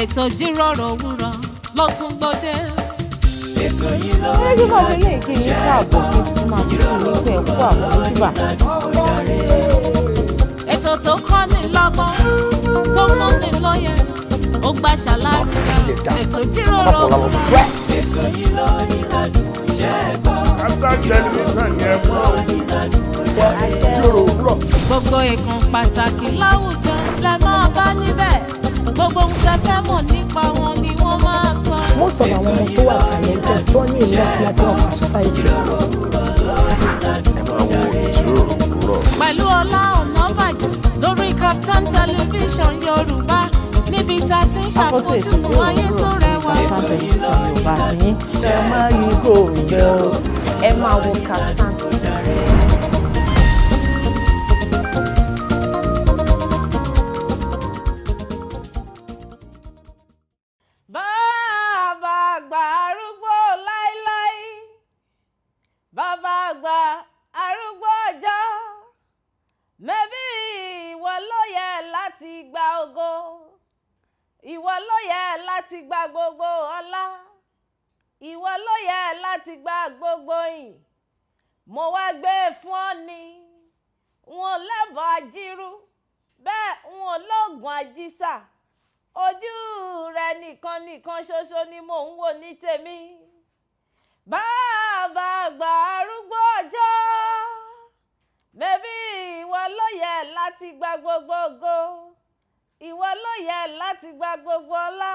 ètò jíròrò òwúrọ̀ ló tún gbòde. ètò yìí ló ń bá ilé ìpín yín káàbọ̀ kí n tún máa fi ìlú ẹ̀ kú àmójúbà. ètò tó kọ́ ni lọ́gbọ́n tó fún ni lóye ó gbà ṣàlàyé ètò jíròrò òwúrọ̀. ètò yìí ló ń ládùn iṣẹ́ ẹ̀kọ́. gbogbo ìkan pàtàkì láwùjọ la máa bá níbẹ̀ gbogbo ohun tẹ́ fẹ́ mọ̀ nípa wọn ni wọ́n máa sọ. most of àwọn ọmọ tó wà talented tó ní ìlú àti àti ọ̀fà society. pẹ̀lú Ọlá Ọ̀nàbàjọ lórí Kaftan television Yorùbá níbi tá a ti ń ṣàfojúsùn ayé tó rẹwà. ẹ máa yí kò rẹ̀ o ẹ máa wo Kaftan. ìwọ ló yẹ láti gba gbogbo ọlá ìwọ ló yẹ láti gba gbogbo yìn mo wá gbé e fún ọ ni n ò lẹ́bọ̀ ajírú bẹ́ẹ̀ n ò lóògùn ajísà ojú rẹ nìkan nìkan ṣoṣo ni mò ń wò ní tèmi bàbá àgbà arúgbó ọjọ́ mẹ́bí ìwọ ló yẹ láti gba gbogbo ògo ìwọ ló yẹ láti gba gbogbo ọlá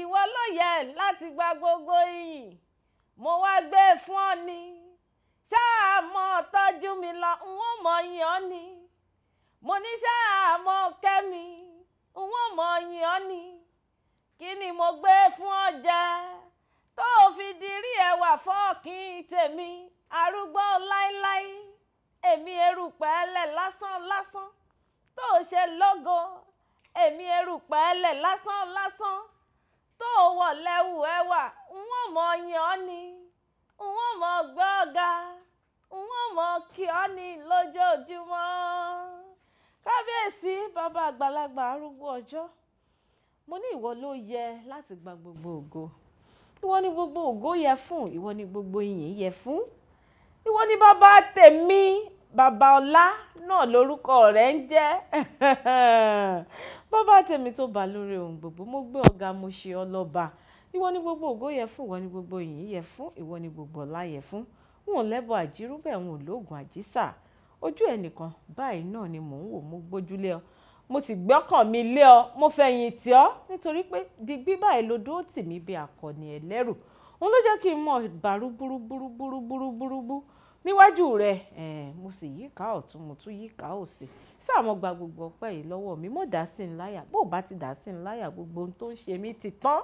ìwọ ló yẹ láti gba gbogbo iyìn mo wá gbé fún ọ ni ṣáà mọ tọ́jú mi lọ n ó mọ yìn ọ́ ni mo ní ṣáà mọ n ó mọ yìn ọ́ ni kí ni mo gbé fún ọ jẹ tó o fi dirí ẹwà fọ́ọ̀kì tèmi arúgbó láíláí èmi erùpẹ̀ ẹlẹ̀ lásán lásán tó o ṣe lógo èmi erùpẹ̀ ẹlẹ̀ lásán lásán tó o wọ̀ lẹ́wù ẹwà n ó mọ yìn ọ́ ni n ó mọ gbọ́ ọ̀gá n ó mọ kí ọ́ ni lójoojúmọ́ kábíyèsí bàbá àgbàlagbà arúgbó ọjọ́ mo ní ìwọ ló yẹ láti gba gbogbo ògo ìwọ ni gbogbo ògo yẹ fún ìwọ ni gbogbo ìyìn yẹ fún ìwọ ni bàbá tèmi babaọlá náà lorúkọ rẹ̀ ń jẹ́ bàbá tèmi tó bá lórí ohun gbogbo mo gbé ọ̀gá mo ṣe ọlọ́ba ìwọ ni gbogbo ògo yẹ fún ìwọ ni gbogbo ìyìn yẹ fún ìwọ ni gbogbo ọlá yẹ fún n ò lẹ́bọ àjírú bẹ́ẹ̀ n ò lóògùn àjísà ojú ẹnìkan báyìí náà ni mò ń wò mo gbójúlé ọ mo sì gbọ́kàn mi lé ọ mo fẹ̀yìn tì ọ́ nítorí pé digbí báyìí lodó tì mí bí akọni ẹlẹ́rù òun ló jẹ́ kí n mọ̀ bàrú búrúbúrúbúrúbúrúbú níwájú rẹ mo sì yíká ọ̀tún mo tún yíká òsì sí àwọn gba gbogbo ọpẹ́ yìí lọ́wọ́ mi mo dá sí ń láyà bó o bá ti dá sí ń láyà gbogbo ohun tó ń ṣe mí ti tán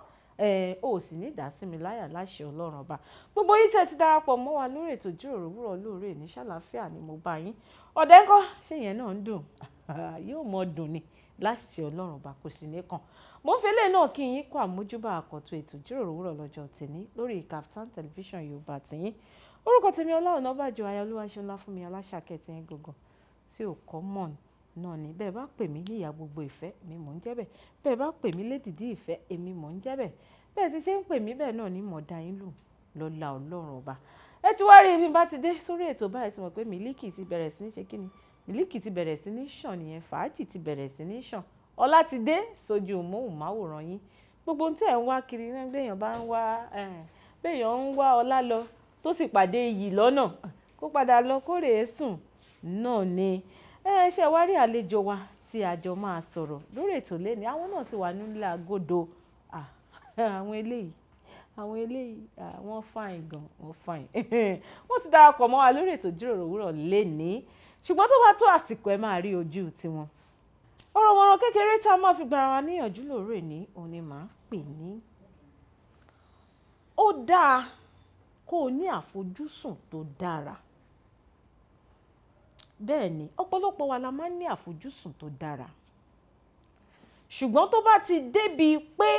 o ò sì ní dá sí mi láyà láṣẹ ọlọ́run ọba gbogbo yín tẹ́ ti darapọ̀ mọ́ wa lórí ètò ìjíròrò òwúrọ̀ lóore ní ṣàlàáfíà ni mo bá yín ọ̀dẹ́ ńkọ́ ṣé yẹn náà ń dùn yóò mọ dùn ni láṣẹ ọlọ́run ọba kò sì ní kàn mo ń fẹ́lẹ́ náà kí yín kó àmójúbà àkọ́tún ètò ìjíròrò òwúrọ̀ lọ́jọ́ tèmi lórí Kaftan television yorùbá tìyín orúkọ tèmi Ọlá Ọ̀nàbàjọ ayọ̀lúwaṣọlá fúnmi aláṣàkẹ́ tí ń gọ̀gàn tí ò kọ́ mọ̀ náà ni bẹ́ẹ̀ bá pè mí níyà gbogbo ìfẹ́ mi mò ń jẹ́ bẹ́ẹ̀ bẹ́ẹ̀ bá pè mí lédìdí ìfẹ́ èmi mò ń jẹ́ bẹ́ẹ̀ bẹ́ẹ̀ ti ṣe ń pè mí bẹ́ẹ̀ náà ni mò ń da yín lù lọ́lá ọlọ́run ọba ẹ ti wá rí ibi bá ti dé sórí ètò báyìí ti mọ̀ pé mílíkì ti bẹ̀rẹ̀ sí ní ṣe kí ni mílíkì ti bẹ̀rẹ̀ sí ní ṣàn nìyẹn fàájì ti bẹ̀rẹ̀ sí ní ṣàn ọlá ti dé sójú móhùnmáwòrán yín gbogbo ohun tí ẹ̀ ń wá kiri náà gbẹ̀yàn bá ń wá bẹ́ẹ̀yàn ń wá tó sì pàdé iyì lọ́nà kó padà lọ kórè é sùn náà ni ẹ ṣe wá rí àlejò wa tí a jọ máa sọ̀rọ̀ lórí ètò lẹ́ni àwọn náà ti wà nílẹ̀ àgọ́dọ̀ àwọn eléyìí àwọn eléyìí wọ́n fine gan wọ́n fine wọ́n ti darapọ̀ mọ́ wa lórí ètò ìjíròrò òwúrọ̀ lẹ́ni ṣùgbọ́n tó bá tó àsìkò ẹ máa rí ojú tiwọn ọ̀rọ̀ wọ̀rọ̀ kékeré tá a máa fi gbara wa níyànjú lóore ní òun ni màá pè ní ó dáa kó o ní àfojúsùn tó dára. Bẹ́ẹ̀ni, ọ̀pọ̀lọpọ̀ wa la máa ń ní àfojúsùn tó dára. Ṣùgbọ́n tó bá ti débi pé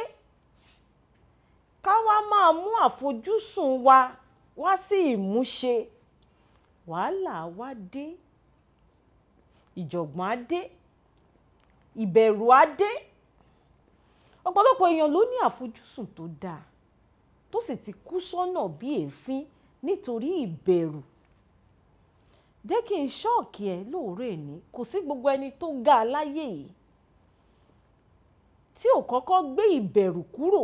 ká wá máa mú àfojúsùn wa wá sí ìmúṣe, wàhálà wá dé, ìjọ̀gbọ̀n á dé, ìbẹ̀rù á dé. Ọ̀pọ̀lọpọ̀ èèyàn ló ní àfojúsùn tó dáa tó sì ti kú sọ́nà bí èéfín nítorí ìbẹ̀rù jẹ́ kí n ṣọ́ọ̀kì ẹ lóòrè ní kò sí gbogbo ẹni tó ga láyé yìí tí ò kọ́kọ́ gbé ìbẹ̀rù kúrò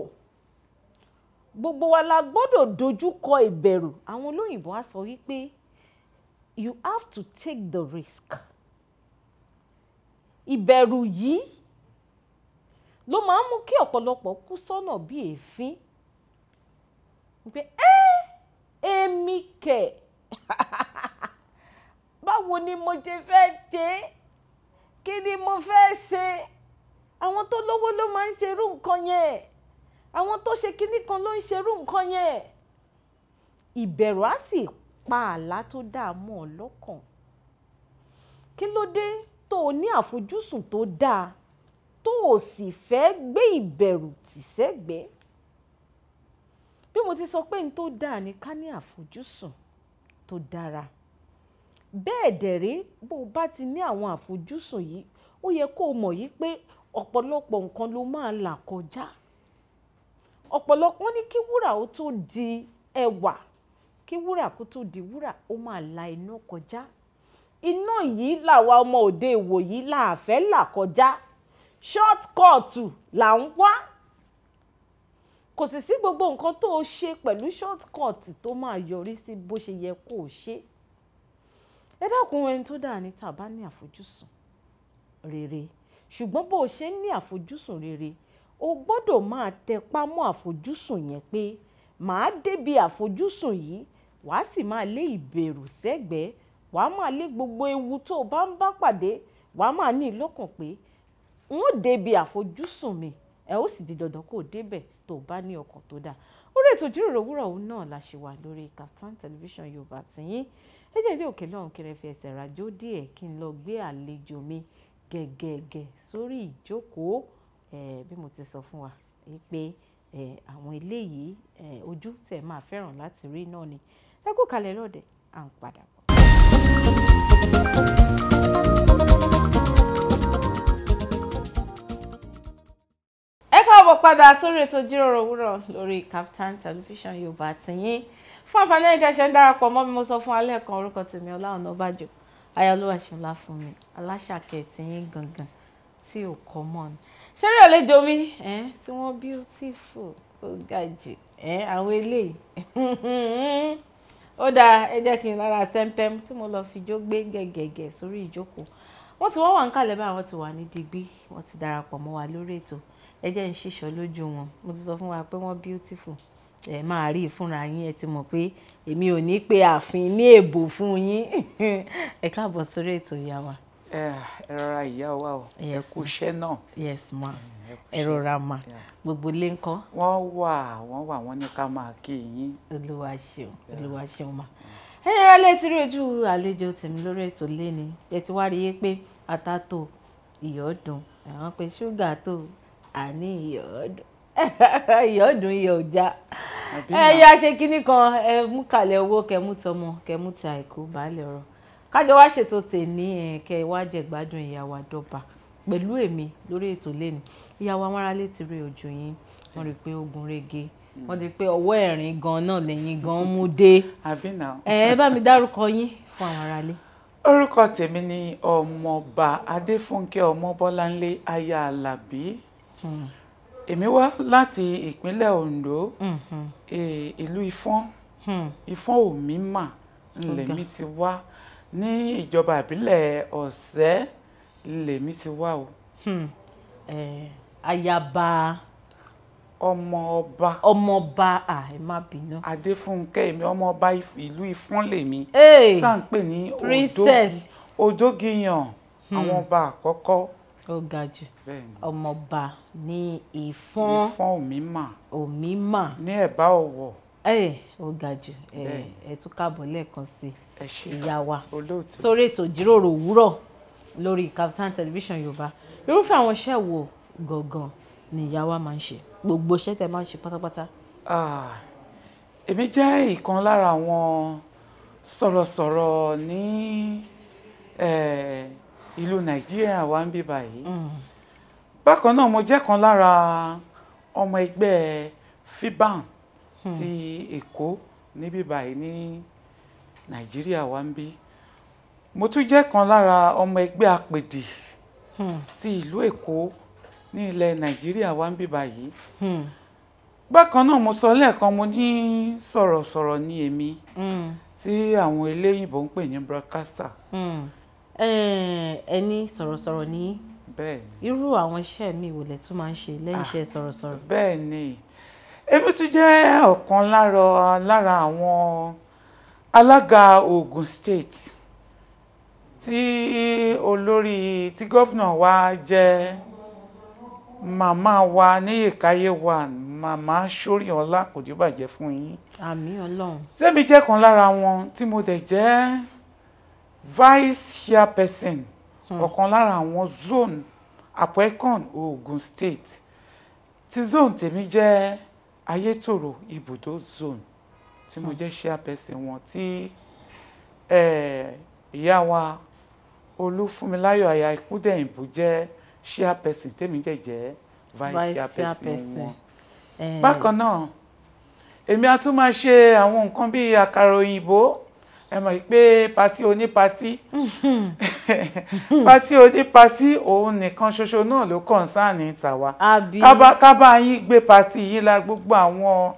gbogbo wa la gbọ́dọ̀ dojú kọ ìbẹ̀rù àwọn olóyìnbó á sọ wípé you have to take the risk ìbẹ̀rù yìí ló máa ń mú kí ọ̀pọ̀lọpọ̀ kú sọ́nà bí èéfín wípé ẹ èmi kẹ̀ báwo ni mo ṣe fẹ́ ṣe kí ni mo fẹ́ ṣe àwọn tó lówó ló máa ń ṣerú nǹkan yẹn àwọn tó ṣe kinní kan ló ń ṣerú nǹkan yẹn ìbẹ̀rù á sì pa àlá tó dààmú ọ lọ́kàn kí ló dé tó o ní àfojúsùn tó dáa tó o sì fẹ́ gbé ìbẹ̀rù tì sẹ́gbẹ̀ẹ́ bí mo ti sọ pé n tó dáa ni ká ní àfojúsùn tó dára bẹ́ẹ̀ dẹ̀ rí bó o bá ti ní àwọn àfojúsùn yìí ó yẹ kó o mọ̀ yìí pé ọ̀pọ̀lọpọ̀ nǹkan ló máa là kọjá ọ̀pọ̀lọpọ̀ ní kí wúrà ó tó di ẹwà kí wúrà kó tó di wúrà ó máa la iná kọjá iná yìí làwa ọmọ òde ìwò yìí là là kọjá short cut là ń wá kò sì sí gbogbo nǹkan tó o ṣe pẹ̀lú shortcut tó máa yọrí sí bó ṣe yẹ kó o ṣe ẹ dákun ẹni tó dáa níta bá ní àfojúsùn rere ṣùgbọ́n bó o ṣe ń ní àfojúsùn rere o gbọ́dọ̀ máa tẹpá mọ́ àfojúsùn yẹn pé màá débi àfojúsùn yìí wàá sì máa lé ìbẹ̀rù sẹ́gbẹ̀ẹ́ wàá máa lé gbogbo ewu tó o bá ń bá pàdé wàá máa ní ìlọ́kàn pé n ó débi àfojúsùn mi ẹ ó sì di dandan kó o débẹ̀ tó o bá ní ọkàn tó dáa orí ètò ìjíròrò òwúrọ̀ òun náà la ṣe wà lórí Kaftan television yorùbá tìyín ẹ jẹ́ ìdí òkè lọ́hùn kí n fi ẹsẹ̀ rajó díẹ̀ kí n lọ gbé àlejò mi gẹ̀gẹ̀gẹ̀ sórí ìjókòó bí mo ti sọ fún wa pé àwọn eléyìí ojú tẹ̀ máa fẹ́ràn láti rí náà ni ẹ kú kalẹ̀ lọ́dẹ̀ à ń padà bọ̀. padà sórí ètò ìjíròrò òwúrọ̀ lórí captain television yorùbá tìyín fún àǹfààní ẹ̀jẹ̀ ṣe ń darapọ̀ mọ́ mi mo sọ fún alẹ́ kan orúkọ tèmi Ọlá Ọ̀nàbàjọ́ ayọ̀lúwà ṣọlá fún mi aláṣàkẹ́ tìyín gangan tí ò kọ́ mọ́ ni ṣeré àlejò mi tí wọ́n beautiful ó ga jù àwọn eléyìí ó dáa ẹ jẹ́ kí n lára sẹ́ńpẹ́m tí mo lọ́ọ́ fi jó gbé gẹ̀gẹ̀gẹ̀ sórí ìjókòó wọ́n ti wọ́n wà ń kàlẹ́ bá àwọn ti wà ní digbí wọ́n ti darapọ̀ mọ́ wa lórí ètò ẹ jẹ́ ń ṣíṣọ́ lójú wọn mo ti sọ fún wa pé wọ́n beautiful ẹ máa rí ìfúnra yín ẹ ti mọ̀ pé èmi ò ní pe ààfin ní èbò fún yín ẹ káàbọ̀ sórí ètò ìyá wa. ẹ rọra ìyá wa o ẹ kú iṣẹ́ náà. yes ma ẹ rọra ma gbogbo ilé ń kọ́. wọ́n wà wọ́n wà wọ́n ní ká máa kí yín. olúwa ṣeun olúwa ṣeun ma. ẹ yẹra létí rojú àlejò tèmi lórí ètò léni ẹ ti wá rí i pé ata tó iyọ̀ dùn àwọn pé ṣúgà tó àní iyọ̀ ọdún iyọ̀ ọdún iyọ̀ ọjà ẹ yá ṣe kínní kan ẹ mú kalẹ̀ owó kẹmú tọmọ kẹmú ti àìkú baálé ọ̀rọ̀ kájọ wá ṣètò tèmi ẹ kẹ wá jẹgbádùn ìyàwó àdọba pẹ̀lú èmi lórí ètò lẹ́nu ìyàwó àwọn aráalé ti rí ojú yín wọ́n rí i pé ogun rege mm. wọ́n rí i pé ọwọ́ ẹ̀rín gan náà lẹ́yìn gan mú dé ẹ bá mi dárúkọ yín fún àwọn orúkọ tèmi ni ọmọọba adéfúnkẹ́ ọmọbọ́láńlé aya alábí Hmm. èmi wá láti ìpínlẹ̀ Ondo hmm. e, ìlú Ifọ̀n hmm. Ifọ̀n Òmímà lèmi ti wá ní ìjọba ìbílẹ̀ Ọ̀sẹ́ lèmi ti wá o. ayaba ọmọọba ọmọọba à ẹ má bínú. Adéfúnkẹ́ èmi ọmọọba ìlú Ifọ̀n lèmi tá à ń pè ní Odògìyàn àwọn ọba àkọ́kọ́ ó ga jù ọmọọba ní ìfọ́n ìfọ́n òmímà òmímà ní ẹ̀bá ọ̀wọ̀ ẹ ó ga jù ẹ tún káàbọ̀ lẹ́ẹ̀kan sí ìyá wa sórí ètò ìjíròrò òwúrọ̀ lórí Kaftan television yorùbá irúfẹ́ àwọn iṣẹ́ wo gangan ni ìyá wa máa ń ṣe gbogbo iṣẹ́ tẹ́ máa ń ṣe pátápátá. èmi jẹ́ ìkan lára àwọn sọ̀rọ̀sọ̀rọ̀ ní. Eh, ìlú nàìjíríà wa ń bí báyìí mm. bákan náà mo jẹ́ kan lára ọmọ ẹgbẹ́ fiban mm. ti èkó níbí báyìí ní nàìjíríà wa ń bí mo tún jẹ́ kan lára ọmọ ẹgbẹ́ apèdè mm. ti ìlú èkó ní ilẹ̀ nàìjíríà wa ń bí báyìí bákan náà mo sọ lẹ́ẹ̀kan mo ní sọ̀rọ̀sọ̀rọ̀ ní èmi tí àwọn eléyìnbó ń pè ní broadcaster. Mm Eh, ẹni sọ̀rọ̀sọ̀rọ̀ ní irú àwọn iṣẹ́ mi ìwòlẹ̀ tún máa ń ṣe lẹ́yìn ah, iṣẹ́ sọ̀rọ̀sọ̀rọ̀. bẹ́ẹ̀ ni èmi tún jẹ́ ọ̀kan lára àwọn alága Ogun State tí olórí tí gómìnà wa jẹ́ màmá wa níyèkáyé wa màmá sóríyàn ọlá kò dé bàjẹ́ fún yín. àmín Ọlọ́run. sẹ́mi jẹ́ kan lára wọn tí mo dẹ̀ jẹ́ vice person hmm. ọ̀kan lára àwọn zone apẹ́kàn Ogun State ti zone tèmi jẹ́ Ayétòrò ibùdó zone tí mo hmm. jẹ́ chairperson wọn tí ìyá wa Olúfúnmiláyọ̀ aya Ikúdẹ̀yìnbó jẹ́ chairperson tèmi jẹ́ jẹ́ vice chairperson wọn. Eh. bákan náà èmi a tún máa ṣe àwọn nǹkan bíi àkàrà òyìnbó ẹ mọ̀ pé patí onípatí patí onípatí mhm. òun nìkan ṣoṣo náà ló kọ̀ǹsáàní tàwa kábà yín gbé patí yín la gbogbo àwọn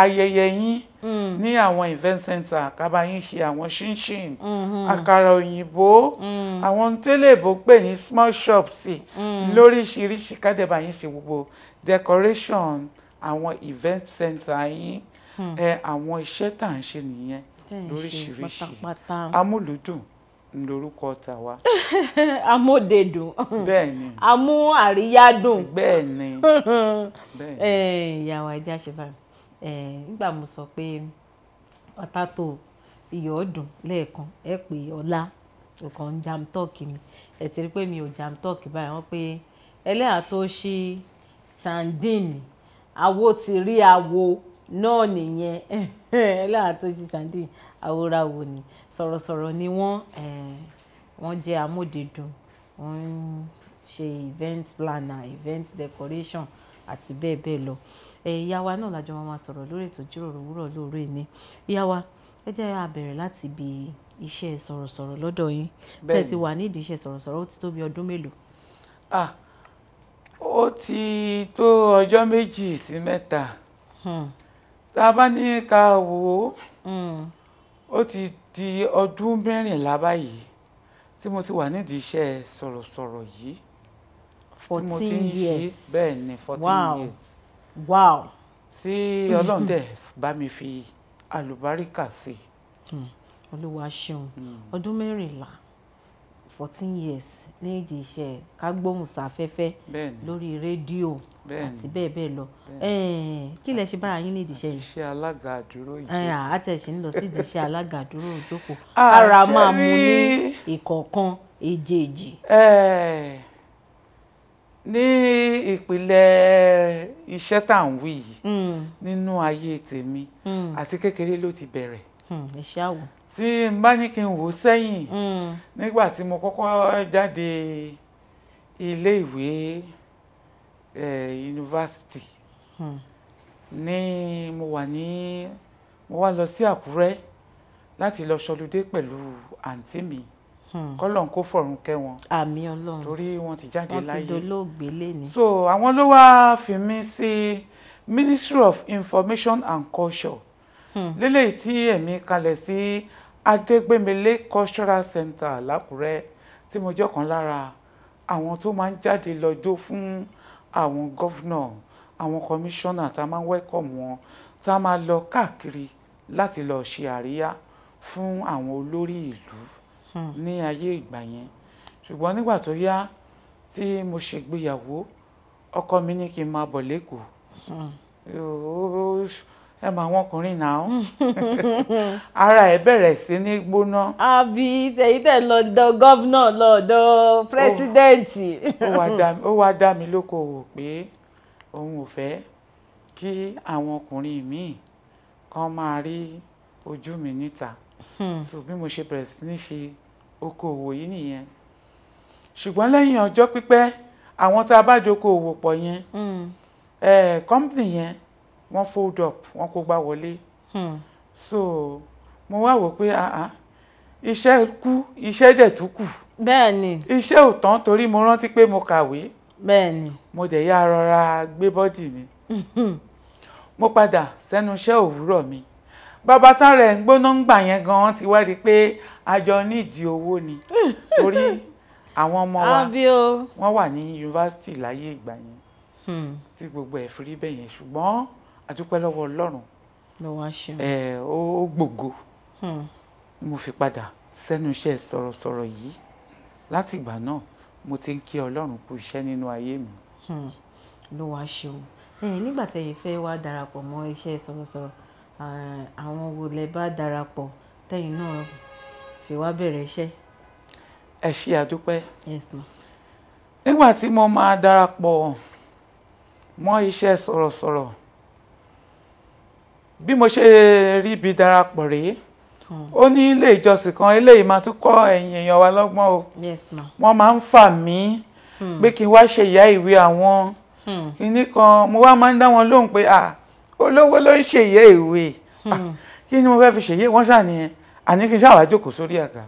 ayẹyẹ yín mm. ní àwọn event center kábà yín ṣe àwọn ṣinṣin mhm. àkàrà òyìnbó mm. àwọn télèbó pè ní small shops mm. lóríṣiríṣi kádẹ́bà yín ṣe gbogbo decoration àwọn event center yín hmm. àwọn iṣẹ́ tá à ń ṣe nìyẹn. lóríṣiríṣi amúlùdùn lórúkọ wa. amódedùn. bẹ́ẹ̀ni. amú àríyádùn. bẹ́ẹ̀ni. ìyàwó ajá ṣe bá nígbà mo sọ pé ọ̀tá tó iyọ̀ ọ̀dùn lẹ́ẹ̀kan ẹ pè ọlá ọ̀kan jam mi ẹ ti rí pé mi ò jam báyìí wọ́n pé ẹlẹ́yà tó ṣí sandini awo ti rí awo náà nìyẹn Láàtúnjí Sunday Awóràwọ̀ ni sọ̀rọ̀sọ̀rọ̀ ni wọ́n wọ́n jẹ́ amódedùn wọ́n ń ṣe event planner event decoration àti bẹ́ẹ̀ bẹ́ẹ̀ lọ ìyá wa náà lájọ máa sọ̀rọ̀ lórí ètò ìjíròrò òwúrọ̀ lóore ni ìyá wa ẹ jẹ́ a bẹ̀rẹ̀ láti ibi iṣẹ́ sọ̀rọ̀sọ̀rọ̀ lọ́dọ̀ yín tẹ́ ti wà nídìí iṣẹ́ sọ̀rọ̀sọ̀rọ̀ ó ti tó bí ọdún mélòó. ah ó ti tó ọjọ́ méjì sí mẹ́ta. Hmm tá a bá ní ká wò ó hmm. ó ti di ọdún mẹ́rìnlá báyìí tí mo ti wà nídìí iṣẹ́ sọ̀rọ̀sọ̀rọ̀ yìí tí mo ti ń ṣe bẹ́ẹ̀ ni fourteen wow. years wow. tí ọlọ́run dẹ̀ bá mi fi àlùbáríkà sí i. Hmm. olúwa ṣeun hmm. ọdún mẹ́rìnlá fourteen years ní ìdí iṣẹ́ kágbóhùnsáfẹ́fẹ́ lórí rédíò àti bẹ́ẹ̀ bẹ́ẹ̀ lọ kí lẹ ṣe bára yín ní ìdíṣẹ́ yìí. àtiṣe alága àdúró yìí. àti ẹ̀ṣin lọ sí ìdíṣẹ́ alága àdúró ìjókòó ara máa mú ní ìkọ̀ọ̀kan èjèèjì. ní ìpìlẹ̀ iṣẹ́ tá à ń wí yìí hmm. nínú ayé tèmi hmm. àti kékeré ló ti bẹ̀rẹ̀. iṣẹ́ hmm, àwọ̀. tí n bá ní kí n wò sẹ́yìn nígbà tí mo kọ́kọ́ jáde ilé ìwé yunifásitì eh, hmm. ní mo wà ní mo wá lọ sí àkúrẹ́ láti lọ ṣọlúdé pẹ̀lú àǹtí mi hmm. kọ́lọ́n kó fọ̀run kẹ́ wọn àmì ọlọ́run torí wọn ti jáde láyé wọn ti dolóògbé lẹ́ni. so àwọn ló wá fi mí sí ministry of information and culture hmm. lélẹ́yìí tí èmi kalẹ̀ sí adégbèmílé cultural center lákùrẹ́ tí mo jẹ́ ọ̀kan lára àwọn tó máa ń jáde lọ́jọ́ fún àwọn gọ́fúnà àwọn kọmíṣánná tá a máa wẹ́kọ̀mù wọn tá a máa lọ káàkiri láti lọ ṣe àríyá fún àwọn olórí ìlú hmm. ní ayé ìgbà yẹn ṣùgbọ́n nígbà tó yá tí mo ṣègbéyàwó ọkọ mi ní kí n máa bọ̀ lẹ́kọ̀ọ́ ẹ mọ àwọn ọkùnrin náà ara ẹ bẹ̀rẹ̀ sí ní gbóná. àbí èyí tẹ̀ lọ dọ gọ́vnà lọ dọ pírẹ́sídẹ́ǹtì. ó wá dá mi lókòwò pé òun ò fẹ́ kí àwọn ọkùnrin míì kan máa rí ojú mi níta hmm. so bí mo ṣe bẹ̀rẹ̀ sí ní ṣe okòwò yìí nìyẹn ṣùgbọ́n lẹ́yìn ọjọ́ pípẹ́ àwọn tá a bá jókòwò pọ̀ yẹn kọ́mpìnì hmm. eh, yẹn wọ́n fold up wọ́n kó gbá wọlé hmm. so mo wá wò pé ah, ah, iṣẹ́ kú iṣẹ́ dẹ̀ tún kù bẹ́ẹ̀ ni iṣẹ́ ò tán torí mo rántí pé mo kàwé bẹ́ẹ̀ ni mo dẹ̀ yá rọra gbé bọ́dì mi hmm. mo padà sẹ́nu iṣẹ́ òwúrọ̀ mi bàbá tán rẹ̀ ń gbóná ń gbà yẹn gan-an ti wá di pé àjọ nídìí owó ni torí àwọn ọmọ wa wọ́n wà ní yunifásitì láyé ìgbà yẹn hmm. tí gbogbo ẹ̀ fi rí bẹ́ẹ̀ yẹn ṣùgbọ́n adúpẹ́ lọ́wọ́ ọlọ́run lọ́wọ́ àṣẹ ẹ ó gbògo hmm. mo fi padà sẹ́nu iṣẹ́ sọ̀rọ̀sọ̀rọ̀ yìí láti ìgbà náà mo ti ń kí ọlọ́run kú iṣẹ́ nínú ayé mi. Hmm. lọ́wọ́ àṣẹ o nígbà tẹ̀yìn fẹ́ wá darapọ̀ mọ́ iṣẹ́ sọ̀rọ̀sọ̀rọ̀ àwọn wo lẹ bá darapọ̀ tẹ̀yìn náà fi wá bẹ̀rẹ̀ iṣẹ́. ẹ ṣé àdúpẹ́. yes ma. nígbà tí mo máa darapọ̀ mọ́ iṣẹ́ sọ̀rọ̀sọ̀rọ̀ bí mo ṣe rí ibi darapọ̀ rèé hmm. ó ní ilé ìjọsìn kan eléyìí máa tún èèyàn wa lọ́gbọ́n o yes ma wọ́n máa ń fà mí hmm. pé kí n wá ṣe ìyá ìwé àwọn hmm. kìíní kan mo wá máa ń dá wọn lóhùn pé à olówó ló ń ṣe ìyá ìwé kí ni mo fẹ́ fi ṣèyí wọ́n ṣàníyàn àní kí n ṣáà jókòó sórí àga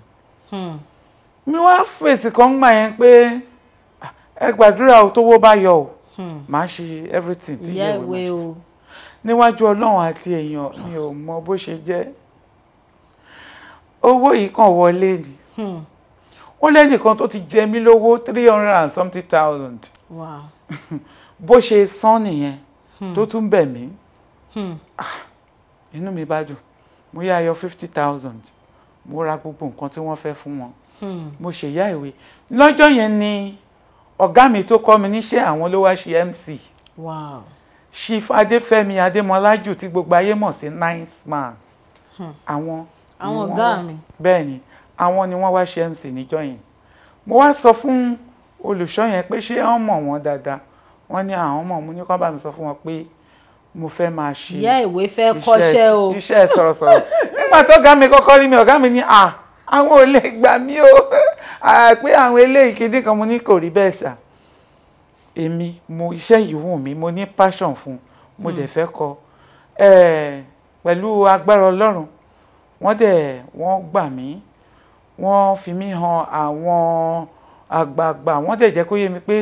mi wá fèsì kan gbà yẹn pé ẹ gbàdúrà o tówó bá yọ o máa ṣe everything tí ìyá ìwé máa ṣe níwájú ọlọ́run àti èèyàn mi ò mọ bó ṣe jẹ́ owó yìí kàn wọlé ni hmm. ó lẹ́nìkan tó ti jẹ mí lówó three hundred and something thousand bó ṣe san nìyẹn hmm. tó tún bẹ̀ mí hmm. ah, inú mi bá dùn mo yá yọ fifty thousand mo ra gbogbo nǹkan tí wọ́n fẹ́ fún wọn mo ṣèyá ìwé lọ́jọ́ yẹn ni ọ̀gá mi tó kọ́ mi níṣẹ́ àwọn ló wá ṣe MC. Wow chief adéfẹ́mi adémọlájù tí gbogbo ayé mọ̀ sí ninth man hmm. àwọn àwọn ọ̀gá mi bẹ́ẹ̀ ni àwọn ni wọ́n wá ṣe mc níjọ́ yẹn mo wá sọ fún olùṣọ́ yẹn pé ṣé àwọn mọ̀ wọ́n dáadáa wọ́n ní àwọn mọ̀ mo ní kán bá mi sọ fún wọn pé mo fẹ́ máa ṣe ìyá ìwé fẹ́ kọ́ṣẹ́ o iṣẹ́ sọ̀rọ̀sọ̀rọ̀ nígbà tó ọ̀gá mi kọ́kọ́ rí mi ọ̀gá mi ní à àwọn ò lè gbà mí o pé àwọn eléyìí kìdí kan mo ní kò rí bẹ́ẹ̀ sà èmi mo iṣẹ́ yìí wù mí mo ní passion fún mo hmm. dẹ̀ fẹ́ kọ pẹ̀lú agbára ọlọ́run wọ́n dẹ̀ wọ́n gbà mí wọ́n fi mí han àwọn àgbààgbà wọ́n dẹ̀ jẹ́ kó yé mi pé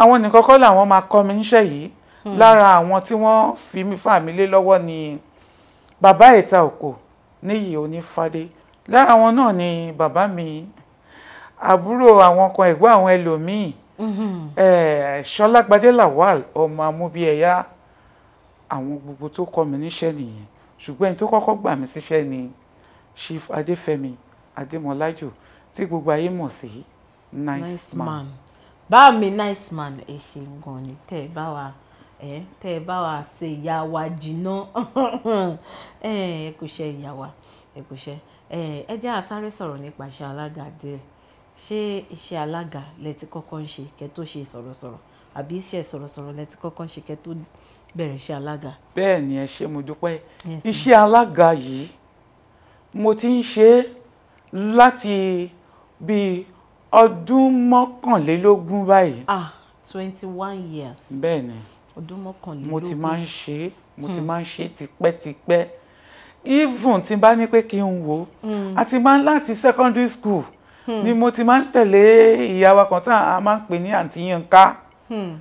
àwọn nìkan kọ́ làwọn máa kọ́ mi níṣẹ́ yìí hmm. lára àwọn tí wọ́n fi mí fà mí lé lọ́wọ́ ni bàbá ìta òkò níyì onífádé lára wọn náà ni bàbá mi àbúrò àwọn kan ẹ̀gbọ́n àwọn ẹlòmíì Ṣọlágbadé Lawal ọmọ amúbíẹyá àwọn gbogbo tó kọ́ mi níṣẹ́ nìyẹn ṣùgbọ́n ẹni tó kọ́kọ́ gbà mí síṣẹ́ ni Chief Adéfẹ́mi Adémọlájò tí gbogbo ayé mọ̀ sí nice man. bá mi nice man ẹ ṣe gan ni tẹ́ ẹ bá wa ẹ tẹ́ ẹ bá wa ṣe ìyá wa jìnnà ẹ kò ṣe ìyá wa ẹ kò ṣe ẹ ẹ àsáré sọ̀rọ̀ nípa iṣẹ́ alága díẹ̀ ṣé iṣẹ́ alága lẹ ti kọ́kọ́ ń ṣe kẹ́ tó ṣe sọ̀rọ̀sọ̀rọ̀ àbí iṣẹ́ sọ̀rọ̀sọ̀rọ̀ lẹ ti kọ́kọ́ ń ṣe kẹ́ tó bẹ̀rẹ̀ iṣẹ́ alága. bẹ́ẹ̀ ni ẹ ṣé mo dúpẹ́ iṣẹ́ alága yìí mo ti ń ṣe é láti bíi ọdún mọ́kànlélógún báyìí. ah twenty one years. bẹ́ẹ̀ ni ọdún mọ́kànlélógún mo ti máa ń ṣe é mo ti hmm. máa ń ṣe é tipẹ́tipẹ́ even tí n bá ní pé kí n wò ó àti hmm. máa ń láti secondary school. Hmm. ni mo ti máa ń tẹ̀lé ìyá wa kan tá a máa ń pè ní àǹtí Yínká hmm.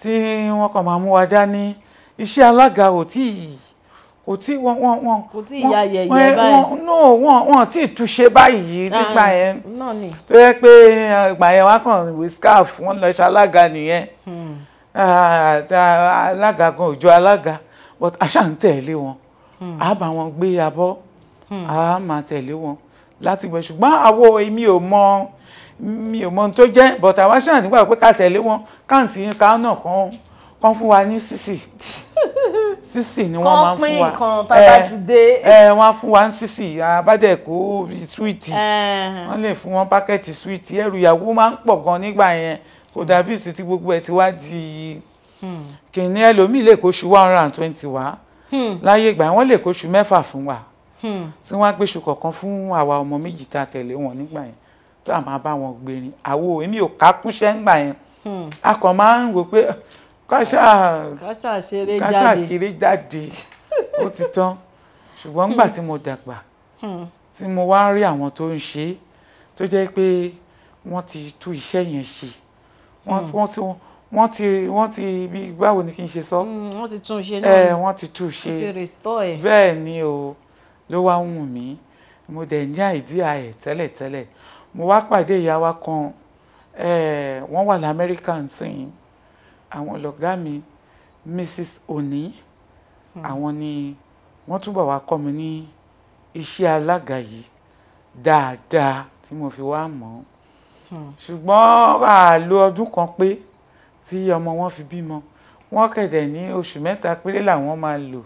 tí wọ́n kàn máa mú wa dání iṣẹ́ alága ò tí ì kò tí wọ́n wọ́n wọ́n kò tí ìyá yẹ̀yẹ́ báyìí no wọ́n wọ́n tí ì túnṣe báyìí ah, nígbà yẹn tó yẹ pé ìgbà yẹn wá kàn wí scarf wọ́n lọ ṣe alága nìyẹn hmm. alága gan òjò alága but aṣáà ń tẹ̀lé wọn a bá wọn gbé abọ́ a máa tẹ̀lé wọn láti wẹ̀ ṣùgbọ́n àwo èmi ò mọ mi ò mọ tó jẹ́ but àwa ṣáà nígbà pé ká tẹ̀lé wọn káàntì ká náà kan kan fún wa ní sísì sísì ni wọ́n máa ń fún wa kan pín nǹkan bàbá eh, ti dé ẹ eh, wọ́n á fún wa ní sísì àbádẹ́ kó súwìtì wọ́n lè fún wọn pákẹ́ẹ̀tì súwìtì ẹrù ìyàwó máa ń pọ̀ gan nígbà yẹn kò dàbí ìsìn tí gbogbo ẹ̀ ti wá di hmm. kìnìún ẹlòmíì lè kóṣù one hundred and twenty wá hmm. láyé ìgbà wọ́n lè kóṣù mẹ́fà fún wa. Hmm. tí wọ́n gbèsù kọ̀ọ̀kan fún àwa ọmọ méjì tá a tẹ̀lé wọn nígbà yẹn tó à máa bá wọn gbé ni àwo èmi ò ká ńgbà yẹn hmm. a kàn máa ń wò pé káṣá ah, káṣá ṣeré jáde ó ti tán ṣùgbọ́n ńgbà tí mo dàgbà hmm. tí mo wá rí àwọn tó ń ṣe tó jẹ́ pé wọ́n ti tú iṣẹ́ yẹn ṣe wọ́n ti wọ́n ti báwo ni kí n ṣe sọ. wọ́n ti tún ṣe náà ẹ wọ́n ti tún ṣe bẹ́ẹ̀ ni o ló wá ń wù mí mo dẹ̀ ní àìdíà ẹ̀ tẹ́lẹ̀tẹ́lẹ̀ mo wá pàdé ìyá wa kan wọ́n wà lamẹ́ríkà nsìn àwọn lọ́gá mi mrs oni hmm. àwọn ni wọ́n túbọ̀ wá kọ́ mi ní iṣẹ́ alága yìí dáadáa tí mo fi wá mọ̀ ọ́ hmm. ṣùgbọ́n àlò ọdún kan pé tí ọmọ wọn fi bímọ wọ́n kẹ̀dẹ̀ ní oṣù mẹ́ta péré làwọn máa lò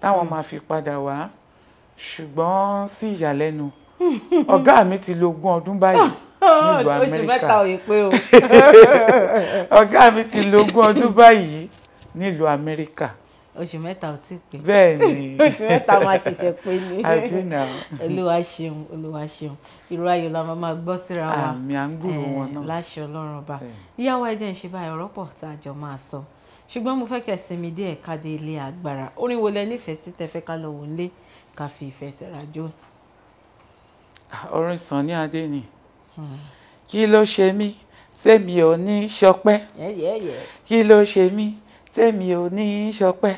táwọn hmm. máa fi padà wá. Hmm ṣùgbọ́n sí ìyàlẹ́nu hmm. ọ̀gá mi ti lo ogún ọdún báyìí oh, nílùú Amẹ́ríkà o. ọ̀gá mi ti lo ogún ọdún báyìí nílùú Amẹ́ríkà. oṣù mẹ́ta ò tí pé. bẹ́ẹ̀ ni oṣù mẹ́ta máa ṣẹ̀ṣẹ̀ pé ni olúwa ṣeun olúwa ṣeun irú ayọ̀ la máa máa gbọ́ síra wa àmì à ń gbúrò wọn náà láṣẹ ọlọ́run ọba ìyàwó ẹ̀jẹ̀ ń ṣe báyìí ọ̀rọ̀ pọ̀ tá a jọ máa sọ ṣùgbọ́n mo fẹ́ kẹ́ sinmi díẹ̀ ká dé ilé agbára orin wo lẹ nífẹ̀ẹ́ sí tẹ́fẹ́ ká lọ wò lé ká fi ìfẹ́ sẹ̀ra jó. Ah, orin sàn ní adé ni hmm. kí ló ṣe mí sẹ́mi ò ní ṣọpẹ́ kí ló ṣe mí sẹ́mi ò ní ṣọpẹ́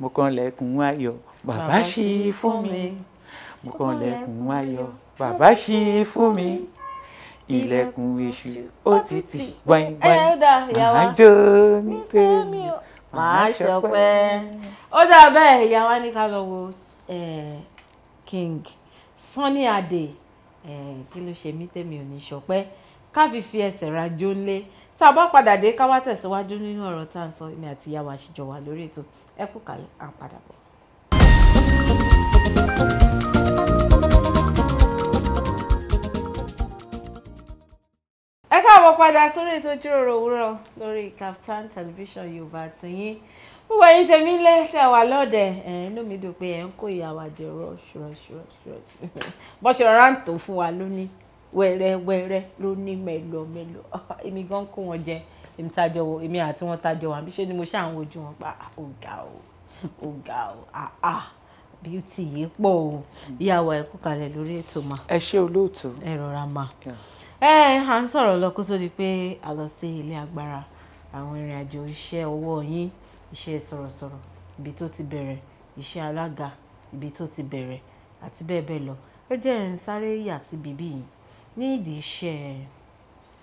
mo kàn lẹ́kùn ayọ̀ bàbá ṣí fún mi mo kàn lẹ́kùn ayọ̀ bàbá ṣí fún mi ilẹ̀kùn èṣù ó gbọ̀ngbọ̀n màá jó ní màá ṣọpẹ́. ó dà bẹ́ẹ̀ ìyá wa ní ká lọ wo eh, King Sunny Adé eh, kí ló ṣe mí tèmi ò ní ṣọpẹ́ ká fi fi ẹsẹ̀ ra jónlé tá a bá padà dé ká wá tẹ̀síwájú nínú ọ̀rọ̀ tá à ń sọ èmi àti ìyá wa ṣìjọ wà lórí ètò ẹ kú kàlẹ̀ à ń padà bọ̀. ẹ káàbọ̀ padà sórí ètò ìjíròrò òwúrọ̀ lórí Kaftan television Yorùbá tìyín wọ́n wáyé tèmi lẹ́ tẹ̀ wá lọ́dẹ̀ ẹ̀ inú mi dùn pé ẹ̀ ń kó ìyàwó àjẹ rush rush rush rush bọ́ ṣe rárá ń tó fún wa lónìí wẹ́rẹ́wẹ́rẹ́ lónìí mẹ́lọmẹ́lọ èmi gan kó wọn jẹ èmi tájọ wo èmi àti wọn tájọ wà bí ṣe ni mo ṣáà ń wojú wọn pa ọ̀gá o ọ̀gá o àá bíútì yìí pọ̀ o ìyàwó ẹ̀ kalẹ̀ lórí ètò mà. ẹ ṣe olóòtú. ẹ rọra mà. ẹ à ń sọ̀rọ̀ lọ kó tó di pé a sí ilé agbára àwọn ìrìn àjò iṣẹ́ ọwọ́ yín iṣẹ́ sọ̀rọ̀sọ̀rọ̀ ibi tó ti bẹ̀rẹ̀ iṣẹ́ alága ibi tó ti bẹ̀rẹ̀ àti bẹ́ẹ̀ bẹ́ẹ̀ lọ ó jẹ́ ń sáré yà sí bíbí yìí ní ìdí iṣẹ́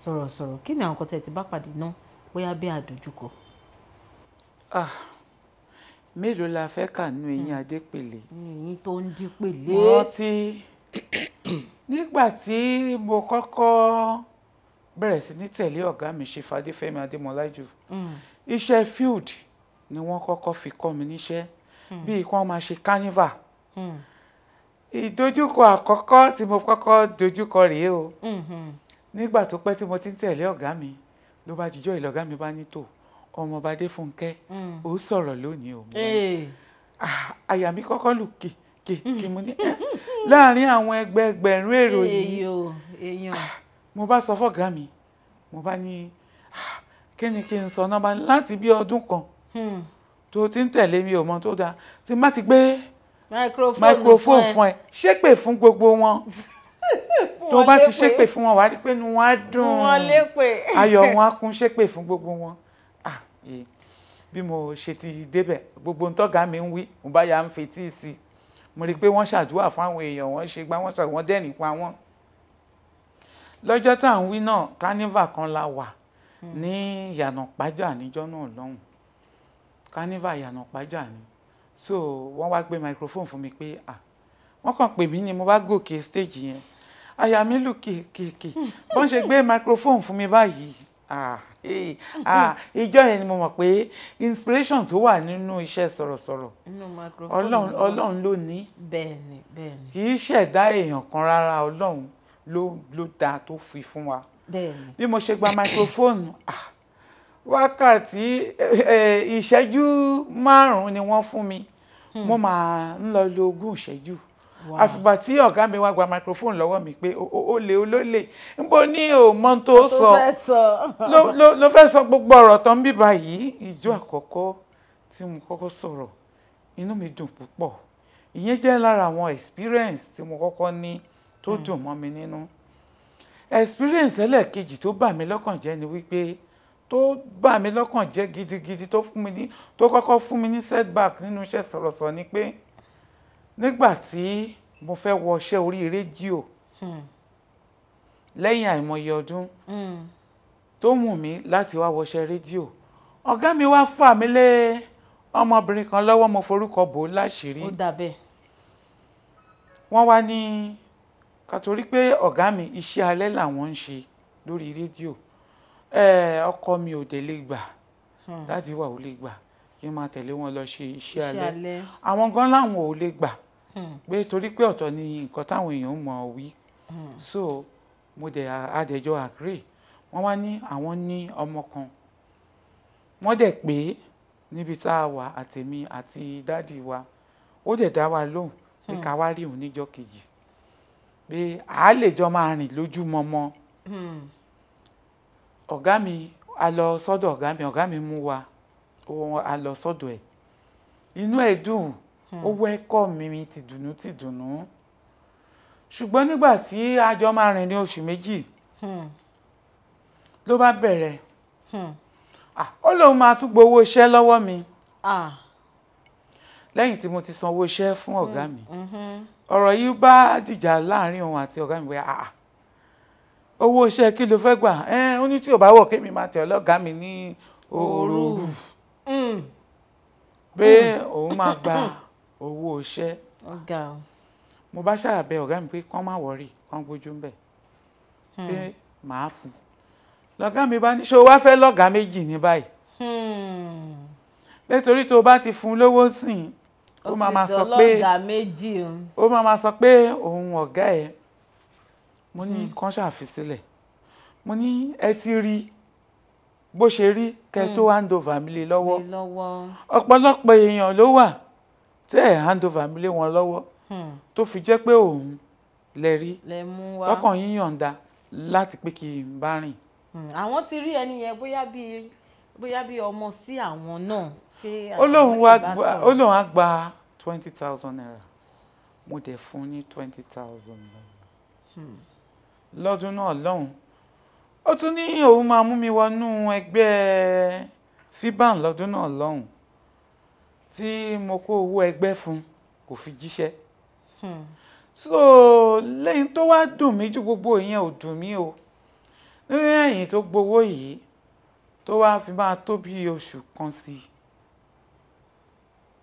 sọ̀rọ̀sọ̀rọ̀ kí ni àwọn kan tẹ̀ ti bá pàdé náà bóyá bí àdójúkọ. ah mélòó la fẹ́ kà nínú eyín hmm. adépèlé. eyín tó ń di pèlé. mo rántí nígbà tí mo kọ́kọ́ bẹ̀rẹ̀ sí ní tẹ̀lé ọ̀gá mi ṣe fadéfẹ́mi adémọlájú hmm. iṣẹ́ field ni wọ́n kọ́kọ́ fi kọ́ mi níṣẹ́ hmm. bíi kí wọ́n máa ṣe carnival hmm. ìdojúkọ àkọ́kọ́ tí mo kọ́kọ́ dojúkọ rèé o hmm, nígbà tó pẹ́ tí mo ti ń tẹ̀lé ọ̀gá mi ló bá jíjọ́ ìlọ́gá mi bá ní tò ọmọọba Adéfúnkẹ́ ó sọ̀rọ̀ lónìí o ah, àyà mi kọ́kọ́ lù kìkì kì mo ní eh, láàrin àwọn ẹgbẹ́ ẹgbẹ̀rún èrò yìí ah, mo bá sọ fọ́gá mi mo bá ní ah, kí ni kí n sọ náà láti bí ọdún kan Hmm. tó ti ń tẹ̀lé mi ò mọ tó dáa tí má ti gbé microphone fún ẹ ṣépè fún gbogbo wọn tó bá ti ṣépè fún wọn wàá rí pé inú wọn á dùn ayọ̀ wọn á kún ṣépè fún gbogbo wọn bí mo ṣe ti débẹ̀ gbogbo ntọ́gà mi ń wí mo bá ya ń fetí sí i mo rí i pé wọ́n ṣàdúrà fún àwọn èèyàn wọ́n ṣe gbá wọ́n ṣàdúrà wọ́n dẹ́rìn pa wọ́n lọ́jọ́ tá à ń wí náà carnival kan la wà hmm. ní ìyànà pàjọ́ àníjọ́ náà lọ́hùn carnival ìyànà pàjá ni so wọ́n wá gbé microphone fún mi pé ah wọ́n kàn pè mí ni mo bá gòkè stage yẹn àyà mi lù kìkìkì wọ́n ṣe gbé microphone fún mi báyìí ah ah ìjọ yẹn ni mo mọ̀ pé inspiration tó wà nínú iṣẹ́ sọ̀rọ̀sọ̀rọ̀ ọlọ́run ló ní bẹ́ẹ̀ni bẹ́ẹ̀ni kì í ṣẹ̀dá èèyàn kan rárá ọlọ́run ló ló dáa tó fi fún wa bí mo ṣe gba microphone ah wákàtí ìṣẹ́jú márùn-ún ni wọ́n fún mi hmm. mo máa ń lọ lo ogún ìṣẹ́jú àfìgbà tí ọ̀gá mi wá gba microphone lọ́wọ́ mi pé ó lè olólè nbọ ní òmọ tó sọ ló fẹ́ sọ gbogbo ọ̀rọ̀ tó ń bí báyìí ìjọ àkọ́kọ́ tí mo kọ́kọ́ sọ̀rọ̀ inú mi dùn púpọ̀ ìyẹn jẹ́ lára àwọn experience tí mo kọ́kọ́ ní tó hmm. dùn mọ́ mi nínú experience ẹlẹ́ẹ̀kejì tó bà mí lọ́kàn jẹ́ ni wípé tó bà mí lọ́kàn jẹ́ gidigidi tó fún mi ní tó kọ́kọ́ fún mi ní setback nínú iṣẹ́ sọ̀rọ̀sọ̀rọ̀ ni pé nígbà tí mo fẹ́ wọ iṣẹ́ orí rédíò hmm. lẹ́yìn àìmọye ọdún hmm. tó mú mi láti wá wọṣẹ́ rédíò ọ̀gá mi wá fà mí lé ọmọbìnrin kan lọ́wọ́ mo forúkọ bò ó láṣìírí ó dà bẹ́ẹ̀ wọ́n wá ní ká torí pé ọ̀gá mi iṣẹ́ alẹ́ làwọn ń ṣe lórí rédíò ọkọ mi ò dé lè gbà láti wà ó lè gbà kí n máa tẹ̀lé wọn lọ ṣe iṣẹ́ alẹ́ àwọn gan láwọn ò lè gbà hmm. pé torí pé ọ̀tọ̀ ni nǹkan táwọn èèyàn mọ̀ ọ́ wí hmm. so mo dẹ̀ adẹjọ́ agree wọ́n wá ní àwọn ní ọmọ kan wọ́n dẹ̀ pé níbi tá a wà àtẹ̀mí àti dádì wa ó dẹ̀ dá wa lóhùn pé hmm. ká wá rí òun níjọ́ kejì pé a lè jọ máa rìn lójúmọmọ ọ̀gá mi a lọ sọ́dọ̀ ọ̀gá mi ọ̀gá mi mú wa a lọ sọ́dọ̀ ẹ̀ inú ẹ̀ dùn hmm. ó wẹ́kọ̀ mi tìdùnnú tìdùnnú ṣùgbọ́n nígbà tí a jọ máa rìn ní oṣù méjì hmm. ló bá bẹ̀rẹ̀ hmm. ó lóun máa tún gbowó iṣẹ́ lọ́wọ́ mi lẹ́yìn tí mo ti sanwó iṣẹ́ fún ọ̀gá mi ọ̀rọ̀ yìí bá dìjà láàrin òun àti ọ̀gá mi pé àà owó iṣẹ́ kí ló fẹ́ gbà ẹ ó ní tí ò bá wọ̀ kémi máa tẹ̀ ọlọ́gàá mi ní òru mm. pé òun máa gba owó iṣẹ́ mo bá ṣàbẹ ọ̀gá mi pé kán má wọ̀rí kán gbójú ń bẹ̀ hmm. pé màá fún lọ́gàá mi bá ní ṣé o wá fẹ́ lọ́gàá méjì ní báyìí hmm. nítorí tó o bá ti fún lówó sìn ó máa máa sọ pé ó máa máa sọ pé òun ọ̀gá ẹ̀ mo ní hmm. kán ṣàfi sílẹ̀ mo ní ẹ ti rí bó ṣe rí kẹ tó hmm. hand over mi lé lọ́wọ́ ọ̀pọ̀lọpọ̀ èèyàn ló wà tẹ́ ẹ̀ hand over mi lé wọn lọ́wọ́ hmm. tó fi jẹ́ pé òun lẹ rí lọ́kàn yín yọ̀ǹda láti pé kí n bá rìn. àwọn ti rí ẹni yẹn bóyá bíi bóyá bíi ọmọ sí àwọn náà. ó lóun á gba twenty thousand naira mo dẹ̀ fún ní twenty thousand naira lọ́dún náà lọ́hùn ó tún ní òun máa mú mi wọnú ẹgbẹ́ fiban lọ́dún náà lọ́hùn tí mo kó owó ẹgbẹ́ fún kò fi jíṣẹ́ hmm. so lẹ́yìn tó wá dùn mí ju gbogbo ìyẹn ò dùn mí o nínú ẹ̀yìn tó gbowó yìí tó wá fi máa tó bí oṣù kan sí i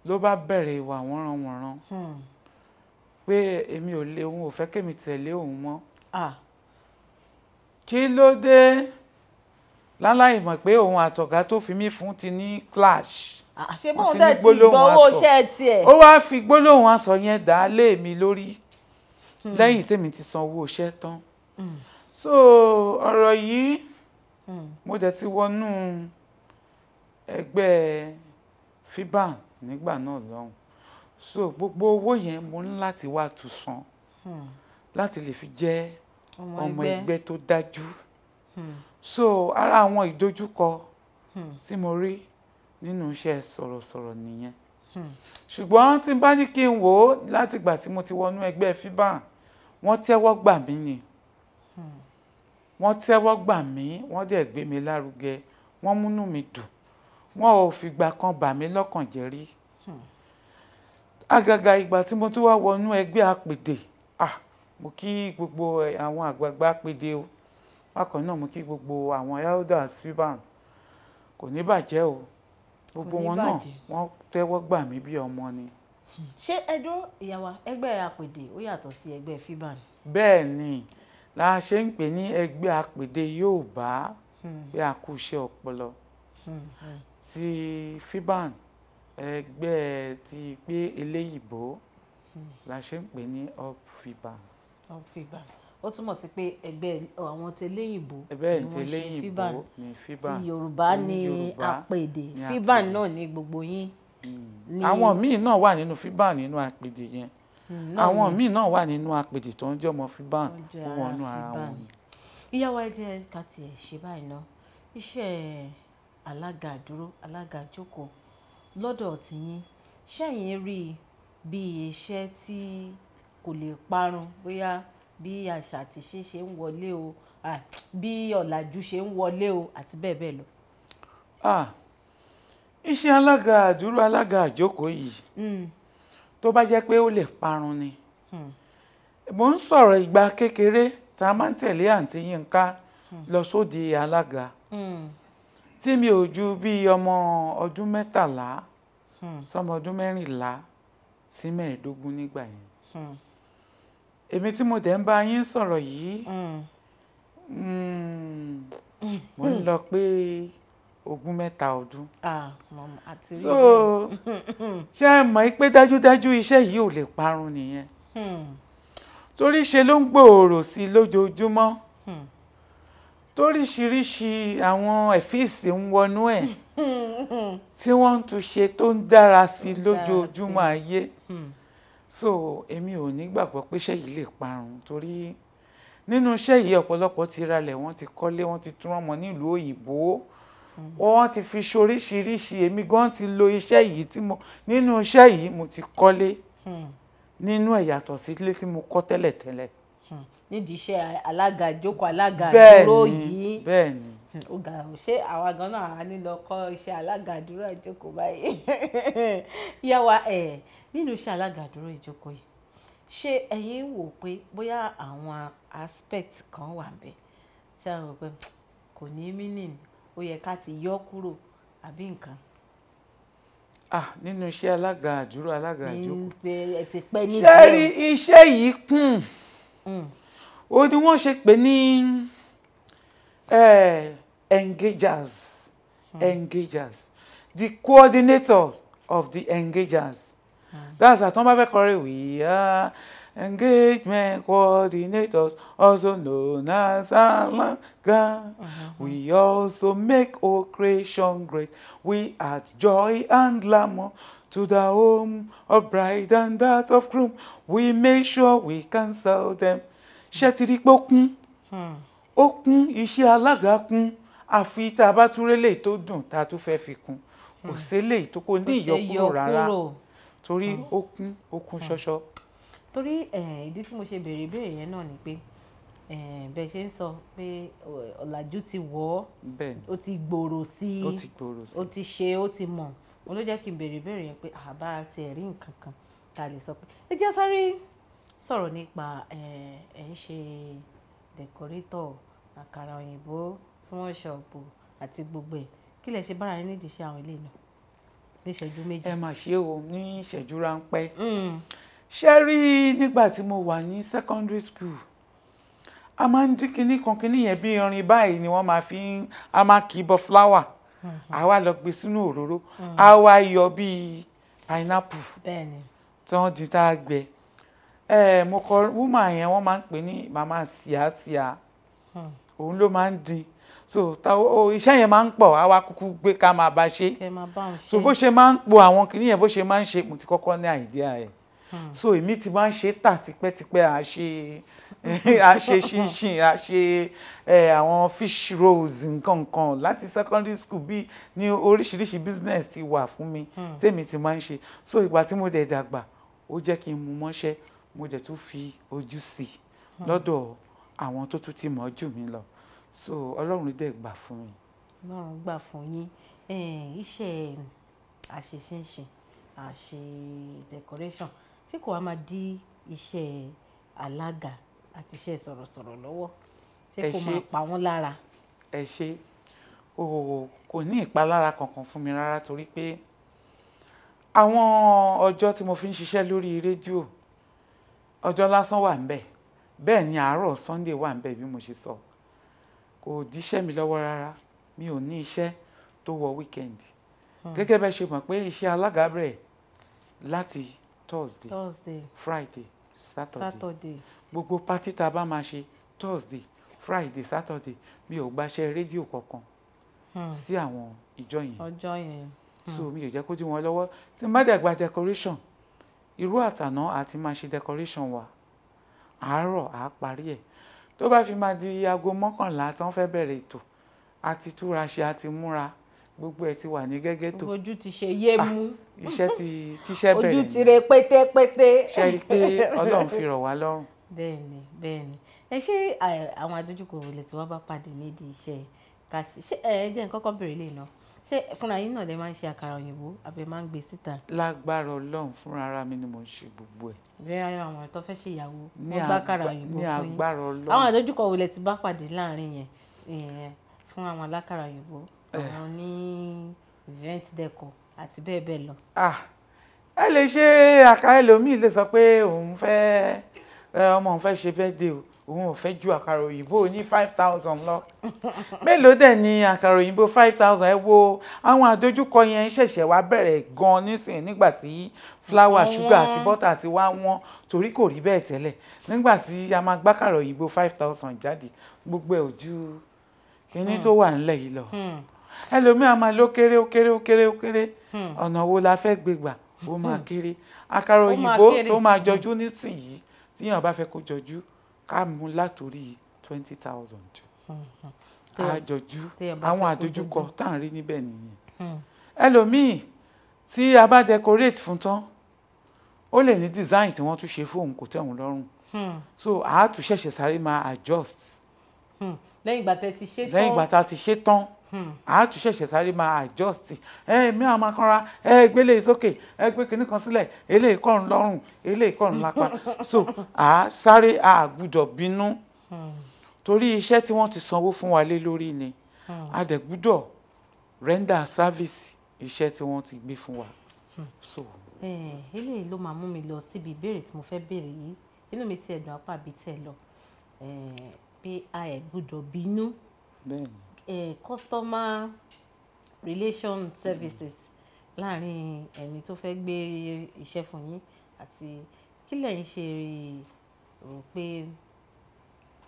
ló bá bẹ̀rẹ̀ ìwà wọ́nranwọ̀nran hmm. pé èmi ò lè òun ò fẹ́ kémi tẹ̀lé òun mọ́. Ah kí ló dé láláì mọ̀ pé òun àtọ̀gá tó fi mí fún ti ní clash àṣẹ bóun dẹ̀ ti gbọ́wọ́ iṣẹ́ tiẹ̀ ó wáá fi gbólóhùn aṣọ yẹn dá lé mi lórí hmm. lẹ́yìn tèmi ti san owó iṣẹ́ tán hmm. so ọ̀rọ̀ yìí hmm. mo dẹ̀ ti wọnú ẹgbẹ́ fiban nígbà náà lọ́hùn so gbogbo owó yẹn mo ní láti wá tún san láti lè fi jẹ́ ọmọ ẹgbẹ́ tó dájú hmm. so ara àwọn ìdojúkọ hmm. tí mo rí nínú iṣẹ́ sọ̀rọ̀sọ̀rọ̀ nìyẹn hmm. ṣùgbọ́n tí n bá ní kí n wò ó láti ìgbà tí mo ti wọnú ẹgbẹ́ fiban wọ́n tẹ́wọ́ gbà mí ni wọ́n tẹ́wọ́ gbà mí wọ́n dẹ̀ gbé mi lárugẹ wọ́n múnú mi dùn wọn ò fìgbà kan bà mí lọ́kàn jẹ́ rí àgàgà ìgbà tí mo tún wá wọnú ẹgbẹ́ apèdè mo kí gbogbo àwọn àgbààgbà péde o bákan náà mo kí gbogbo àwọn elders fiban kò ní bàjẹ́ o gbogbo wọn náà wọ́n tẹ́wọ́ gbà mí bí ọmọ ni. Hmm. ṣé ẹdún ìyàwó ẹgbẹ́ àpèdè ó yàtọ̀ sí ẹgbẹ́ fiban. bẹ́ẹ̀ ni la ṣe ń pè ní ẹgbẹ́ àpèdè Yorùbá bí hmm. a kú iṣẹ́ ọpọlọ hmm, ti fiban ẹgbẹ́ ti pé eléyìíbó la ṣe ń pè ní up fiban ó túmọ̀ sí pé ẹgbẹ́ àwọn tẹlẹ́yìnbó ni wọ́n ṣe fiban ti yorùbá ni àpèdè fiban náà ni gbogbo yín. Hmm. àwọn míì náà wà nínú fiban nínú àpèdè yẹn hmm, àwọn míì náà wà nínú àpèdè tó ń jọmọ fiban tó wọnú ara wọn. ìyá wa jẹ́ ká tiẹ̀ ṣe báyìí ná iṣẹ́ alága àdúró alága àjókòó lọ́dọ̀ tìyín ṣẹ́yìn rí bíi iṣẹ́ Tí kò lè parun bóyá bí àṣà àti ṣíṣe ń wọlé o bí ọ̀làjú ṣe ń wọlé o àti bẹ́ẹ̀ bẹ́ẹ̀ lọ. iṣẹ́ alága àdúró alága àjókòó yìí hmm. tó bá jẹ́ pé ó lè parun ni mo hmm. ń sọ̀rọ̀ ìgbà kékeré tá a máa ń tẹ̀lé àǹtí Yínká hmm. lọ sóde alága tí mi ò ju bíi ọmọ ọdún mẹ́tàlá sọmọ ọdún mẹ́rìnlá sí mẹ́ẹ̀ẹ́dógún nígbà yẹn èmi tí mo dẹ̀ ń bá yín sọ̀rọ̀ yìí mm. hmm, mo ń lọ pé ogún mẹ́ta ọdún. Ah, so ṣé ẹ mọ̀ pé dájúdájú iṣẹ́ yìí ò lè parun nìyẹn hmm. torí ṣe ló ń gbòòrò sí i lójoojúmọ́ hmm. toríṣiríṣi àwọn ẹ̀fíìsì ń wọnú ẹ̀ tí wọ́n ń tún ṣe tó ń dára sí i lójoojúmọ́ ayé. Hmm so èmi ò nígbàgbọ́ pé iṣẹ́ yìí lè parun torí nínú iṣẹ́ yìí ọ̀pọ̀lọpọ̀ ti ralẹ̀ wọ́n ti kọ́lé wọ́n ti tún ọmọ nílùú òyìnbó mm-hmm. wọ́n ti fi ṣoríṣiríṣi èmi gan ti lo iṣẹ́ yìí tí mo nínú iṣẹ́ yìí mo ti kọ́lé hmm. nínú ẹ̀ yàtọ̀ sí ilé tí mo kọ́ tẹ́lẹ̀tẹ́lẹ̀. Hmm. nídìí iṣẹ́ alága ìjókòó alága àdúró yìí. bẹ́ẹ̀ni bẹ́ẹ̀ni ó ga ọ ṣé àwa gan náà a nílò kọ́ iṣẹ́ alágàdúrà ìjókòó báyìí yá wa ẹ̀ nínú iṣẹ́ alágàdúrà ìjókòó yìí ṣé ẹ̀yin ń wò pé bóyá àwọn aspect kan wà ń bẹ tí a rò pé kò ní meaning ó yẹ ká ti yọ kúrò àbí nǹkan. ah nínú iṣẹ́ alága àdúrà alága ìjókòó ṣé rí iṣẹ́ yìí kùn hmm. ó ní wọ́n ṣe pè ní. Eh, engagers mm. engagers the coordinators of the engagers mm. that's a bá we are engagement coordinators also known as alanga mm -hmm. we also make all creation great we add joy and glamour to the home of bride and that of groom we make sure we cancel them ṣé ti rí pé ó àfi tá a bá tún rélé tó dùn tá a tún fẹ́ fi kún kò hmm. sélé tó kò ní ìyọkúrò rárá torí hmm. ó kún ó kún hmm. ṣọṣọ. torí eh, ìdí tí mo ṣe béèrè ìbéèrè yẹn náà ni pé eh, bẹ́ẹ̀ ṣe ń sọ pé eh, ọ̀làjú ti wọ̀ ọ́ ó ti gbòòrò sí i ó ti ṣe ó ti mọ̀ òun ló jẹ́ kí n béèrè ìbéèrè yẹn pé àbá ti ẹ̀rí nǹkan kan tá a lè sọ pé ẹ jẹ́ sáré sọ̀rọ̀ nípa ẹ̀ ń ṣe dẹ̀kọ́rétọ̀ àkàrà òyìnbó tí wọ́n ṣọ̀pù àti gbogbo ẹ̀ kí lè ṣe bára yín nídìí iṣẹ́ àwọn ilé náà ní ìṣẹ́jú méjì. ẹ mà ṣe o ní ìṣẹ́jú ráńpẹ́. Hmm. ṣé rí nígbà tí mo wà ní secondary school a máa ń dín kinní kan kinní yẹn bí irin báyìí ni wọ́n máa fi ń a máa kì í bọ fúláwà hmm. a wá lọ gbé sínú òróró hmm. a wá yọ bíi pineapple tí wọ́n di tá a gbẹ mo kọ woman yẹn wọ́n máa ń pè ní mama síásíá òun ló máa ń dín so iṣẹ́ yẹn máa ń pọ̀ àwa kúkú gbé ká máa bá ṣe so bó ṣe máa ń po àwọn kìnìún yẹn bó ṣe máa mo ti kọ́kọ́ ní àìdíà ẹ̀ hmm. so èmi ti máa ń ṣe tà tipẹ́tipẹ́ à ṣe à ṣe ṣinṣin à ṣe àwọn fish rolls nǹkan kan lati secondary school bi ni oríṣiríṣi business ti wà fún mi hmm. tèmi ti máa ń so ìgbà tí mo dẹ̀ dàgbà ó jẹ́ kí n mú mọ́ṣẹ́ mo dẹ̀ tún fi ojú sí hmm. lọ́dọ̀ àwọn tó tún ti mọ̀ jù mí lọ so ọlọ́run dẹ̀ gbà fún mi. ọlọ́run gbà fún yín iṣẹ́ àṣeṣinṣin àṣe decoration tí kò wá máa dí iṣẹ́ alága àti iṣẹ́ sọ̀rọ̀sọ̀rọ̀ lọ́wọ́ ṣé kò máa pa wọ́n lára. ẹ ṣe o kò ní ìpalára kankan fún mi rárá torí pé àwọn ọjọ́ tí mo fi ń ṣiṣẹ́ lórí rédíò ọjọ́ lásán wà ń bẹ̀ bẹ́ẹ̀ ni àárọ̀ Sunday wà ń bẹ̀ bí mo ṣe sọ. So kò díṣẹ́ mi lọ́wọ́ rárá mi ò ní iṣẹ́ tó wọ wíkẹ́ndì hmm. gẹ́gẹ́ bẹ́ẹ̀ ṣe mọ̀ pé iṣẹ́ alága bẹ̀rẹ̀ láti thursday, thursday friday saturday, saturday. gbogbo pátí tá a bá máa ṣe thursday friday saturday mi ò gbaṣẹ́ rédíò kankan hmm. sí àwọn ìjọ yẹn ọjọ́ yẹn hmm. so mi ò jẹ́ kó dí wọn lọ́wọ́ tí má dẹ̀ gba decoration irú àtàná àti máa ṣe decoration wa àárọ̀ àá parí ẹ̀ tó bá fi máa di aago mọ́kànlá tán fẹ́ bẹ̀rẹ̀ ètò àti túra ṣe àti múra gbogbo ẹ ti wà ní gẹ́gẹ́ tó ojú ti ṣe yé ah, mú iṣẹ́ ti kíṣẹ́ bẹ̀rẹ̀ ojú ti re pétépété ṣe rí i pé ọlọ́run fi rọ̀ wá lọ́rùn. bẹ́ẹ̀ni bẹ́ẹ̀ni ẹ ṣé àwọn adójúkọ olè tí wọn bá pàdé nídìí iṣẹ́ ká ṣe ẹ jẹ nǹkan kan bèrè lè náà ṣé fúnra yín náà lè máa ń ṣe àkàrà òyìnbó àbí máa ń gbé síta. lágbára Ọlọ́run fúnra ara mi ni mo ń ṣe gbogbo ẹ. bẹ́ẹ̀ ayọ̀ àwọn tó fẹ́ ṣe ìyàwó wọ́n gbá àkàrà òyìnbó fún yín ní agbára Ọlọ́run. àwọn àdójúkọ wo lẹ ti bá pàdé láàrin yẹn ìyẹn fún àwọn alákàrà òyìnbó eh. àwọn ní event deco àti bẹ́ẹ̀ bẹ́ẹ̀ lọ. Ah, ẹ lè ṣe àkàrà ẹlòmíì lè sọ pé òun fẹ́ ọmọ òun fẹ́ ṣe birthday o òun ò fẹ́ ju àkàrà òyìnbó ní five thousand lọ mélòó dẹ̀ ni àkàrà òyìnbó five thousand ẹ wo àwọn àdójúkọ yẹn ṣẹ̀ṣẹ̀ wá bẹ̀rẹ̀ gan-an nísìnyí nígbà tí fúláwà ṣúgà àti bọ́tà ti wá wọ́n torí kò rí bẹ́ẹ̀ tẹ́lẹ̀ nígbà tí a máa gbàkàrà òyìnbó five thousand jáde gbogbo ẹ̀ ò ju kíní hmm. tó wà ńlẹ̀ yìí lọ hmm. ẹlòmíràn máa ló kéré ó kéré ó kéré ó kéré hmm. ọ̀nà wo la fẹ́ gbégbà ó máa kéré àkàrà òyìnbó tó máa jọjú nísìnyí tíyàn bá fẹ́ kó jọjú ká mú látòrí twenty thousand. àjọjú mm-hmm. àwọn àdójúkọ tá à ń rí níbẹ̀ nìyẹn. Mm. ẹlòmíì tí a bá decorate fún tán ó lè ní design tí wọ́n tún ṣe fóun kò tẹ́ òun lọ́rùn mm. so àá tún ṣẹ̀ṣẹ̀ sáré máa adjust. Mm. lẹ́yìn ìgbà tá a ti ṣe tán lẹ́yìn ìgbà tá a ti ṣe tán a tún ṣẹ̀ṣẹ̀ sáré máa adjust ẹ mi àwọn akanra ẹ gbé lè sókè ẹ gbé kinní kan sílẹ̀ eléyìí kọ̀ọ̀rùn lọ́rùn eléyìí kọ̀ọ̀rùn lápá so a sáré a gbúdọ̀ bínú torí iṣẹ́ tí wọ́n ti sanwó fún wa lé lórí ni a dẹ̀ gbúdọ̀ render service iṣẹ́ tí wọ́n ti gbé fún wa. so. eléyìí ló máa mú mi lọ síbi ìbéèrè tí mo fẹ́ béèrè yìí inú mi ti ẹ̀dùn apá bíi tẹ̀ lọ pé a ẹ̀ gbúdọ̀ bínú eh, customer relation services láàrin ẹni tó fẹ́ gbé iṣẹ́ fún yín àti kí lẹ̀ ń ṣe rò pé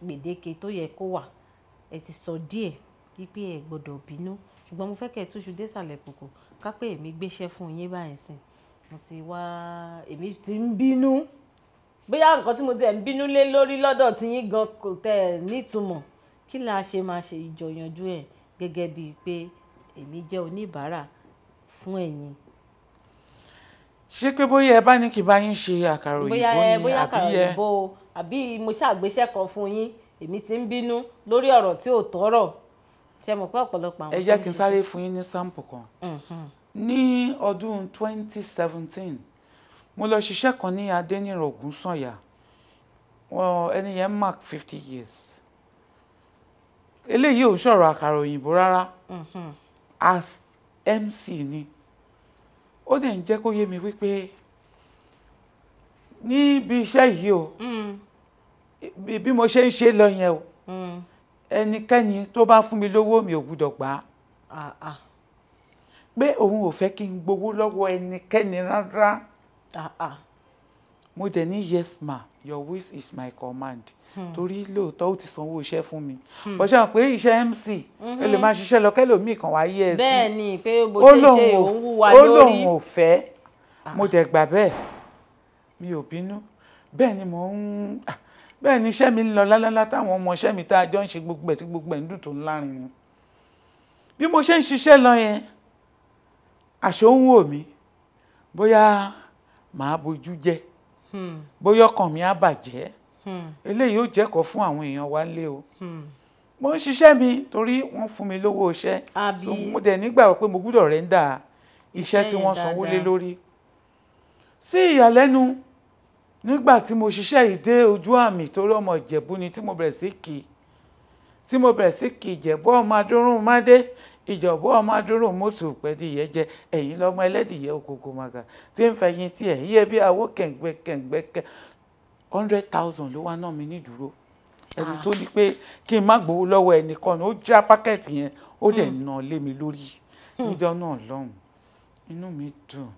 gbèdéke tó yẹ kó wà ẹ ti sọ díẹ̀ wípé ẹ gbọ́dọ̀ bínú ṣùgbọ́n mo fẹ́ kẹ́ ẹ túṣu désàlẹ̀ kòkò ká pé èmi gbéṣẹ́ fún yín báyìí sìn mo ti wá èmi ti ń bínú bóyá nǹkan tí mo ti ẹ̀ ń bínú lé lórí lọ́dọ̀ tí yín gan kò tẹ̀ nítumọ̀ kí la ṣe máa ṣe ìjọyanjú ẹ̀ gẹ́gẹ́ bíi pé èmi jẹ́ oníbàárà fún ẹ̀yin. ṣé pé bóyá ẹ bá ní kí n bá yín ṣe àkàrà òyìnbó ni bóyá àkàrà òyìnbó o àbí mo ṣàgbéṣẹ́ kan fún yín èmi ti ń bínú lórí ọ̀rọ̀ tí ò tọ́rọ̀ ṣe mọ̀ pé ọ̀pọ̀lọpọ̀ àwọn tó ń ṣiṣẹ́. ẹ jẹ́ kí n sáré fún yín ní sampo kan ní ọdún 2017 mo lọ ṣiṣẹ́ kan ní adẹ́nirọ̀gùn sànyà ẹni yẹn mark fifty years eléyìí ò sọ̀rọ̀ àkàrà òyìnbó rárá mm-hmm. as mc ni ó dẹ̀ ń jẹ́ kó yé mi wípé níbi iṣẹ́ yìí o mm. bí mo ṣe ń ṣe lọ yẹn o mm. ẹnikẹ́ni tó bá fún mi lówó mi ò gbúdọ̀ gbà á pé òun ò fẹ́ kí n gbowó lọ́wọ́ ẹnikẹ́ni rárá mo dẹ̀ ní yes ma your wish is my command Hmm. torí lóòótọ́ ó ti sanwó iṣẹ́ fún mi bó hmm. ṣe hàn pé iṣẹ́ MC ẹ lè hmm. máa ṣiṣẹ́ lọ kẹ́lòmíì kan wáyé ẹ̀ sí bẹ́ẹ̀ ni pé bó ṣe ṣe òun wúwa lórí ó lóun ò fẹ́ ah. mo dẹ̀ gbà bẹ́ẹ̀ mi ò bínú bẹ́ẹ̀ ni mò ń bẹ́ẹ̀ ni iṣẹ́ mi ń lọ lálálá táwọn ọmọ iṣẹ́ mi tá a jọ ń ṣe gbogbo ẹ̀ tí gbogbo ẹ̀ ń dùn tó ń lárin ni bí mo ṣe ń ṣiṣẹ́ lọ yẹn àṣọ ń wò mí bóyá màá bojú jẹ bóyá ọkàn mi á bàjẹ́ eléyìí yóò jẹ́kọ̀ọ́ fún àwọn èèyàn wa nílé o hmm. mo ń ṣiṣẹ́ mi torí wọ́n fún mi lówó iṣẹ́ so mo dẹ̀ nígbàgbọ́ pé mo gbúdọ̀ rẹ̀ ń dà iṣẹ́ tí wọ́n sanwó lé lórí sí ìyàlẹ́nu nígbà tí mo ṣiṣẹ́ ìdé ojú àmì torí ọmọ ìjẹ̀bú ni tí mo bẹ̀rẹ̀ sí kì í tí mo bẹ̀rẹ̀ sí kì í ìjẹ̀bú ọmọ adúrún mádé ìjọ̀bú ọmọ adúrún mọ́sù pẹ̀díyẹ jẹ ẹ̀yìn lọ́mọ ẹlẹ́dìyẹ ògógó màgà tí ń fẹ̀yìn tí yíyẹ bí awó kẹ̀ǹgbẹ́ hundred thousand ló wá ná mi ní ìdúró ẹni ah. tó ní pé kí n má gbowó lọ́wọ́ ẹnìkan ni ó já pákẹ́ẹ̀tì yẹn ó dẹ̀ hmm. nà lé mi lórí hmm. níjọ́ náà lọ́hùn inú mi dùn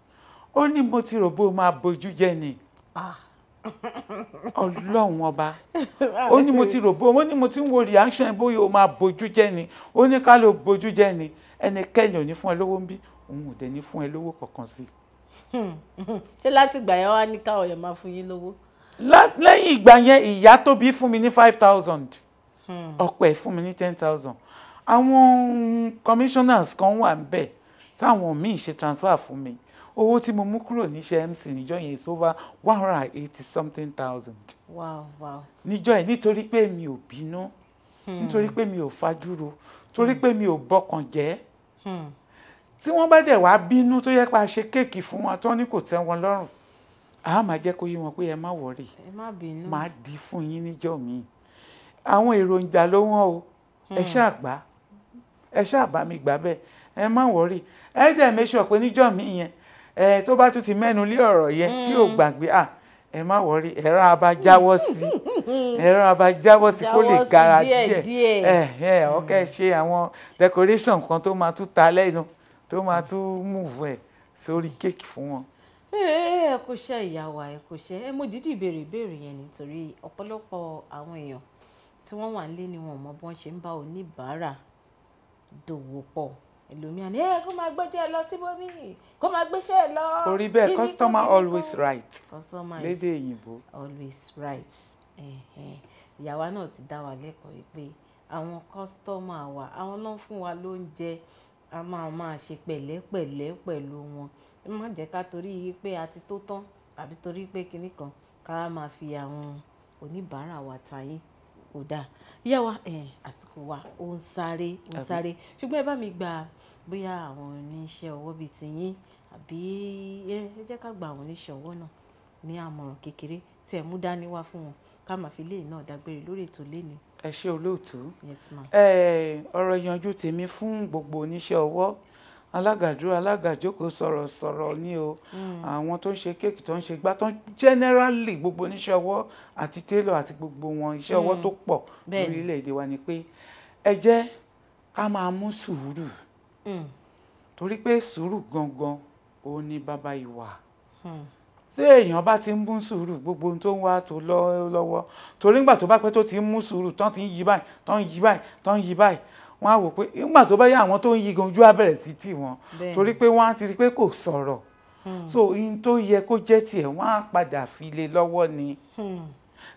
ó ní mo ti rò bó máa bojú jẹ́ ni ah. ọlọ́run ọba ó ní mo ti rò bó ó ní mo ti ń wo reaction bóyá o máa bojú jẹ́ ni ó ní ká ló bojú jẹ́ ni ẹnikẹ́ni ò ní fún ẹ lówó ń bí òun ò dẹ̀ ní fún ẹ lówó kankan sí i. Hmm. ṣé látìgbà yẹn wá ní káwọn yẹn máa fún yín lówó lẹ́yìn ìgbà yẹn ìyá tó bí fún mi ní five thousand hmm. ọ̀pọ̀ ẹ̀ fún mi ní ten thousand àwọn commissioners kan wà níbẹ̀ táwọn míì ṣe transfer fún mi owó tí mo mú kúrò níṣẹ́ mc níjọ yẹn is over one hundred and eighty something thousand. wow wow. níjọ yẹn nítorí pé mi ò bínú hmm. nítorí pé mi ò fajúro torí pé mi ò bọkàn jẹ́ hmm. tí wọ́n bá dẹ̀ wá bínú tó yẹ pa ṣe kéèkì fún wọn tó ní kò tẹ́ wọn lọ́rùn a máa jẹ́ kó yé wọn pé ẹ má wọ̀rì máa dì í fún yín níjọ́ míì àwọn èròjà ló wọ́n o ẹ hmm. ṣáà gbà ẹ ṣáà bá mi gbà bẹ́ẹ̀ ẹ má wọ̀rì ẹ dẹ̀ make sure pé níjọ́ míì yẹn ẹ tó bá tún ti mẹ́nu lé ọ̀rọ̀ yẹn tí ò hmm. gbàgbé à ẹ má wọ̀rì ẹ̀rọ abá jáwọ́ sí ẹ̀rọ abá jáwọ́ sí kó lè gara díẹ̀ ẹ ẹ ọkẹ́ ṣe àwọn decoration kan tó máa tún ta lẹ́nu tó máa tún move ẹ̀ sórí kéèkì fún wọn ẹ kò ṣe ìyàwó ẹ kò ṣe ẹ mo dídì béèrè ìbéèrè yẹn nítorí ọ̀pọ̀lọpọ̀ àwọn èèyàn tí wọ́n wà nílé ni wọ́n mọ bí wọ́n ṣe ń bá oníbàárà dòwò pọ̀ ẹlòmíà ni ẹ kó máa gbẹ́jẹ́ lọ síbòmí kó máa gbéṣẹ́ lọ. kò rí customer always right lédè òyìnbó. always right ìyàwó náà ti dá wa lẹ́kọ̀ọ́ yìí pé àwọn customer wa àwọn ló fún wa lóúnjẹ a máa máa ṣe pẹ̀lẹ́pẹ̀lẹ́ pẹ̀lú wọn ẹ má jẹ́ ká torí pé a ti tó tán àbí torí pé kinní kan ká máa fi àwọn oníbàárà wa tayé kò dáa yá wa àsìkò wa ó ń sáré ó ń sáré ṣùgbọ́n ẹ bá mi gba bóyá àwọn oníṣẹ́ ọwọ́ bíi tiyín àbí ẹ jẹ́ ká gba àwọn oníṣẹ́ ọwọ́ náà ní àmọ̀ràn kékeré tí ẹ mú dání wá fún wọn ká máa fi léyìn náà dágbére lórí ètò léni. ẹ ṣe olóòtú ọ̀rọ̀ ìyanjú tèmi fún gbogbo oníṣẹ́ ọwọ́ alágàdúró alágàjókòó sọ̀rọ̀ sọ̀rọ̀ ni o hmm. àwọn tó ń ṣe kéèkì tó ń ṣe gbá tó ń generally gbogbo oníṣẹ́ ọwọ́ àti tailor àti gbogbo wọn iṣẹ́ ọwọ́ hmm. tó pọ̀ lórílẹ̀‐èdè wa ni pé ẹ jẹ́ ká máa mú sùúrù hmm. torí pé sùúrù gangan òun ni bàbá ìwà tí èèyàn bá ti ń mú sùúrù gbogbo ohun tó ń wá tó lọ́wọ́ torí ńgbà tó bá pẹ́ tó ti ń mú sùúrù tán ti ń yí báyìí tán ń yí báyìí tán ń yí báyìí wọ́n á wò pé nígbà tó bá yá àwọn tó ń yí gan ojú sí tì wọ́n torí pé wọ́n á ti rí pé kò sọ̀rọ̀ hmm. so ihun tó yẹ kó jẹ́ tiẹ̀ wọ́n á padà fi lé lọ́wọ́ ni hmm.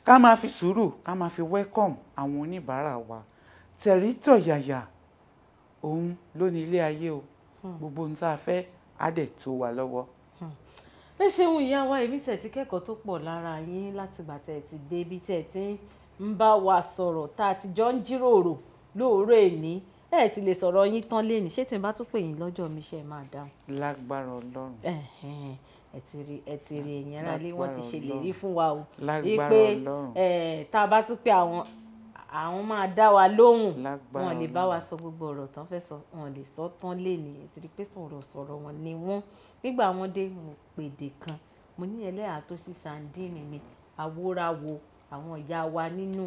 ká máa fi sùúrù ká máa fi welcome àwọn oníbàárà wa tẹ̀rí tọ̀yàyà òun ló ní ilé ayé o hmm. gbogbo ohun tá a fẹ́ á dẹ̀ tó wa lọ́wọ́ ẹ ṣeun ìyá wa èmi tẹ̀ ti kẹ́kọ̀ọ́ tó pọ̀ lára yín látìgbà tẹ̀ ti dé ibi tẹ̀ ti ń bá wa sọ̀rọ̀ tá a ti jọ ń jíròrò lóòrò èní ẹ sì lè sọ̀rọ̀ yín tán lé ní ṣé tí n bá tún pè yín lọ́jọ́ mi ṣe máa dáhùn. lágbára ọlọ́run. ẹ ti rí ẹ ti rí èyàn ara lé wọ́n ti ṣèlérí fún wa o. lágbára pé tá a bá tún pé àwọn àwọn máa dá wa lóhùn wọn lè bá wa sọ gbogbo ọ̀rọ̀ tán fẹ́ sọ wọn lè sọ tán lé ní ẹ pé sọ̀rọ̀ sọ̀rọ̀ wọn ni wọ́n nígbà wọn dé mo pèdè kan mo ní ẹlẹ́yà tó sí sandini ni àwòrán wo àwọn ìyá wa nínú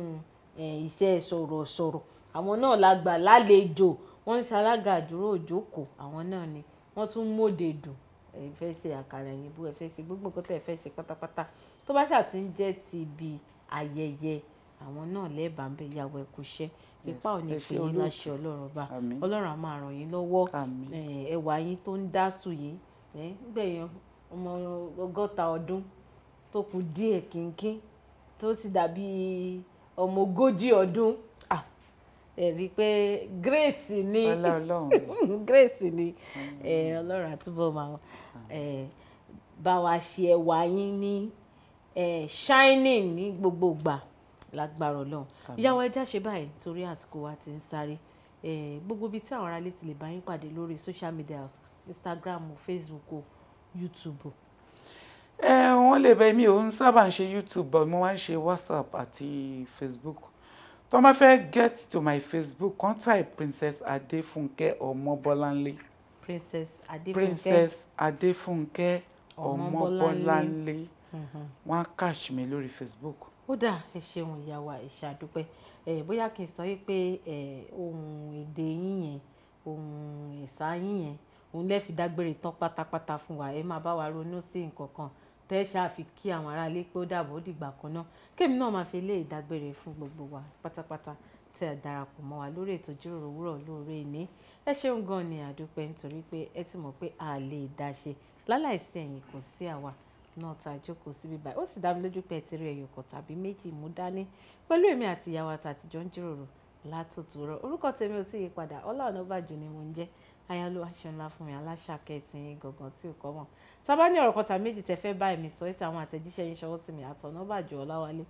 iṣẹ́ sọ̀rọ̀ sọ̀rọ̀ àwọn náà la gbà lálejò wọ́n ń ṣalága àdúró òjókòó àwọn náà ni wọ́n tún mòde dùn ẹ fẹ́ ṣe àkàrà òyìnbó ẹ fẹ́ ṣe gbogbo nǹkan tẹ́ ẹ fẹ́ ṣe pátápátá tó bá ṣáà ti ń jẹ́ ti ibi ayẹyẹ àwọn náà lẹ́ẹ̀bà ń bẹ ìyàwó ẹ kú iṣẹ́ ipa ò ní fi yín láṣẹ ọlọ́run bá ọlọ́run á máa ràn yín lọ́wọ́ ẹwà yín tó ń dá sùn yìí gbẹ̀yàn ọmọ ọgọ́ta ọdún tó kù díẹ̀ kínkín tó sì dàbí ọmọ ogójì ọdún ẹ̀rí pé grace ni grace ni ọlọ́run àtúbọ̀ máa bá wa ṣe ẹwà yín ní shining ní gbogbo ìgbà lágbára ọlọ́run ìyàwó ẹja ṣe báyìí torí àsìkò wa ti ń sáré gbogbo ibi tí àwọn aráalé ti lè bá yín pàdé lórí social media instagram facebook youtube. ẹ wọ́n lè bẹ mi ò ń sábà ń ṣe youtube but mo máa ń ṣe whatsapp àti facebook tó bá fẹ́ get to my facebook kan type princess adefunke ọmọbọ́láńlé. princess adefunke princess adefunke ọmọbọ́láńlé mm-hmm. wọ́n á catch mi lórí facebook. ó dà ẹ ṣeun ìyá wa ẹ ṣàdúpẹ́ ẹ bóyá kì í sọ pé ohun èdè yín yẹn ohun ẹ̀sà yín yẹn òun lẹ́ẹ̀fi dágbére tán pátápátá fún wa ẹ máa bá wa ronú sí nǹkan kan tẹ́ ṣáà fi kí àwọn aráalé pé ó dàbọ̀ ó dìgbà kan náà kémi náà máa fi lé ìdágbére fún gbogbo wa pátápátá tẹ́ ẹ darapọ̀ mọ́ wa lórí ètò ìjíròrò òwúrọ̀ lóore ìní ẹ ṣeun gan ni àdúpẹ́ nítorí pé ẹ ti mọ̀ pé a lè dá ṣe láláìsí ẹ̀yin kò sí àwa náà tá a jókòó síbi báyìí ó sì dá mi lójú pé ẹ ti rí ẹyọ tàbí méjì mú dání pẹ̀lú èmi àti ìyàwó àtàtìjọ́ ń jíròrò látòtúrọ̀ orúkọ tèmi ò tí ì yí padà Ọlá Ọ̀nàbàjò ni mo ń jẹ́ ayálò àṣẹńlá fún mi aláṣàkẹ́ ti yín gangan tí ò kọ́ mọ̀ tábà ní ọ̀rọ̀ kọta méjì tẹ fẹ́ bá èmi sọ ìta àwọn àtẹ̀jíṣẹ́ yín ṣọwọ́ sí mi àtọ̀nàbàjò ọláwálé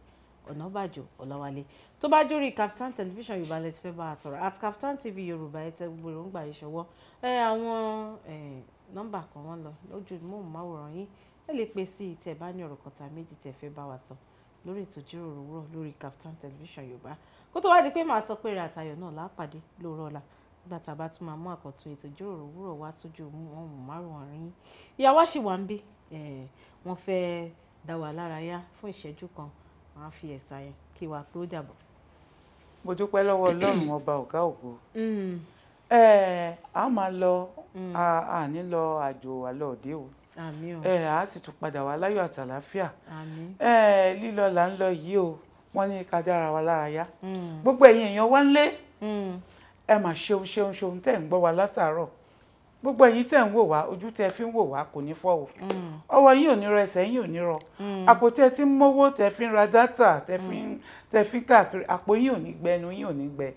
ọ̀nàbàjò ọláwálé tó bá jórí Kaftan television yorùbá lẹ ti fẹ́ bá a sọ̀rọ̀ at Kaftan TV yorùbá ẹ tẹ gbogbo èròǹgbà yìí ṣọwọ́ ẹ àwọn nọ́mbà kan wọ́n lọ lójú móhùnmáwòrán yín ẹ lè pè sí ìtẹ bá ní ọ̀rọ̀ kọta méjì tẹ fẹ́ bá wa sọ lórí ètò ìjíròrò òwúrọ̀ lórí Kaftan television yorùbá kó tó wá di pé màá nígbà tá a bá tún máa mú àkọ́tún ètò ìjíròrò òwúrọ̀ wá sójú amóhùnmáwòrán yín ìyá wa ṣì wà ń bí wọ́n fẹ́ dá wa lárayá fún ìṣẹ́jú kan wọ́n á fi ẹ̀sà yẹn kí wa pé ó dàbọ̀. mo dúpẹ́ lọ́wọ́ ọlọ́run ọba ọ̀gá ògo hmm. a máa lọ hmm. a ní lọ àjò àlọ́ òde o a sì tún padà wá láyọ̀ àtàlàáfíà lílọ là ń lọ yìí o wọ́n ní ká dára wa lárayá hmm. gbogbo ẹ̀yin èèyàn wá ń lé ẹ mà ṣeun ṣeun ṣeun tẹ́ ń gbọ́ wa látàárọ̀ gbogbo ẹ̀yin tẹ́ ń wò wá ojú tẹ́ fi ń wò wá kò ní fọ́ o mm. ọwọ́ yín ò ní rọ ẹsẹ̀ yín ò ní rọ mm. àpò tẹ́ ti ń mówó tẹ́ fi ń ra dátà tẹ́ fi ń mm. tẹ́ fi ń káàkiri àpò yín ò ní gbẹ ẹnu yín ò ní gbẹ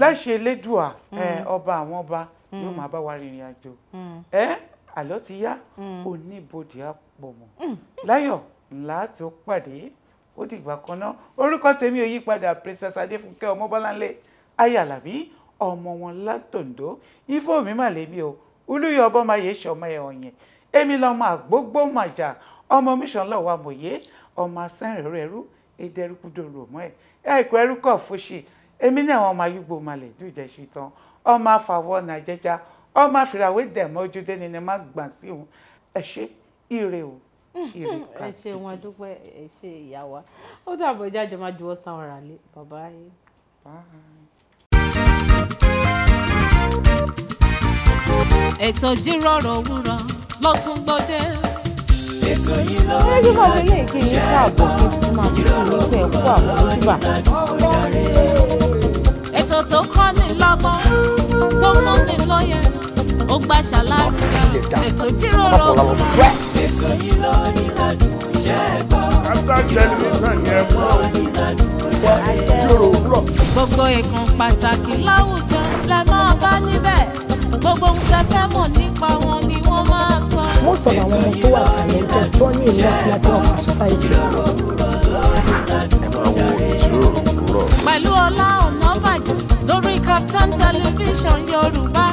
láṣẹ elédùà ọba àwọn ọba yóò máa bá wa rìnrìn àjò ẹ àlọ́ ti yá oníbodè àpọ̀ mọ́ láyọ̀ ńlá tó pàdé ó dìgbà kan náà orúkọ tèmi ò yí padà princess adéfúnkẹ́ ọmọbọ́láńlé ayé alábí ọmọ wọn látòǹdó ifo mi mà lémi o olúyọ ọbọmáyé ṣọmọ ẹ ọyìn èmi lọmọ àgbógbó màjà ọmọ mission lọwọ amòye ọmọ asẹ́rìn ẹrú èdè ẹrúkúdòrò mọ́ ẹ ẹ̀kú ẹrú kọ̀ fóṣì èmi ní àwọn ọmọ ayúgbò malẹ̀ dùjẹ́ ṣe tán ọmọ afàwọ́ nàìjẹ́já ọmọ àfìràwé dẹ̀mọ́ ojúdé ni ni má gbà sí òun ẹ ṣe ire o ire ká ẹ ṣe wọn dúpẹ́ ẹ ṣe ìyá wa ó dàbọ̀ ìjà jọ máa juwọ́ sáwọn ara lé bàbá yìí. ètò ìjíròrò òwúrọ̀ ló tún gbòde. ètò yìí ló ń yọ ilé ìgbé yìí káàbọ̀ kí fún máa fi ìlú tẹ̀ kú àkókò ètò tó kọ́ ni lọ́gbọ́n tó fún ni lóye ó gbà ṣàlàyé ètò ìjíròrò òwúrọ̀. ètò yìí ló ní ládùn iṣẹ́ ẹ̀kọ́ ìjíròrò òwúrọ̀. gbogbo ìkan pàtàkì láwùjọ lẹ máa bá níbẹ̀ gbogbo ohun tá fẹ́ mọ̀ nípa wọn ni wọ́n máa sọ. most of àwọn ọmọ tó wà talented tó ní ìlú àti àti ọ̀fà society. pẹ̀lú Ọlá Ọ̀nàbàjọ lórí Kaftan television Yorùbá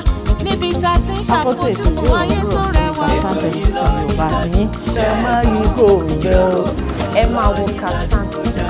níbi tá a ti ń ṣàfojúsùn ayé tó rẹwà. ẹ máa yí kò ń jẹ́ o ẹ máa wo Kaftan.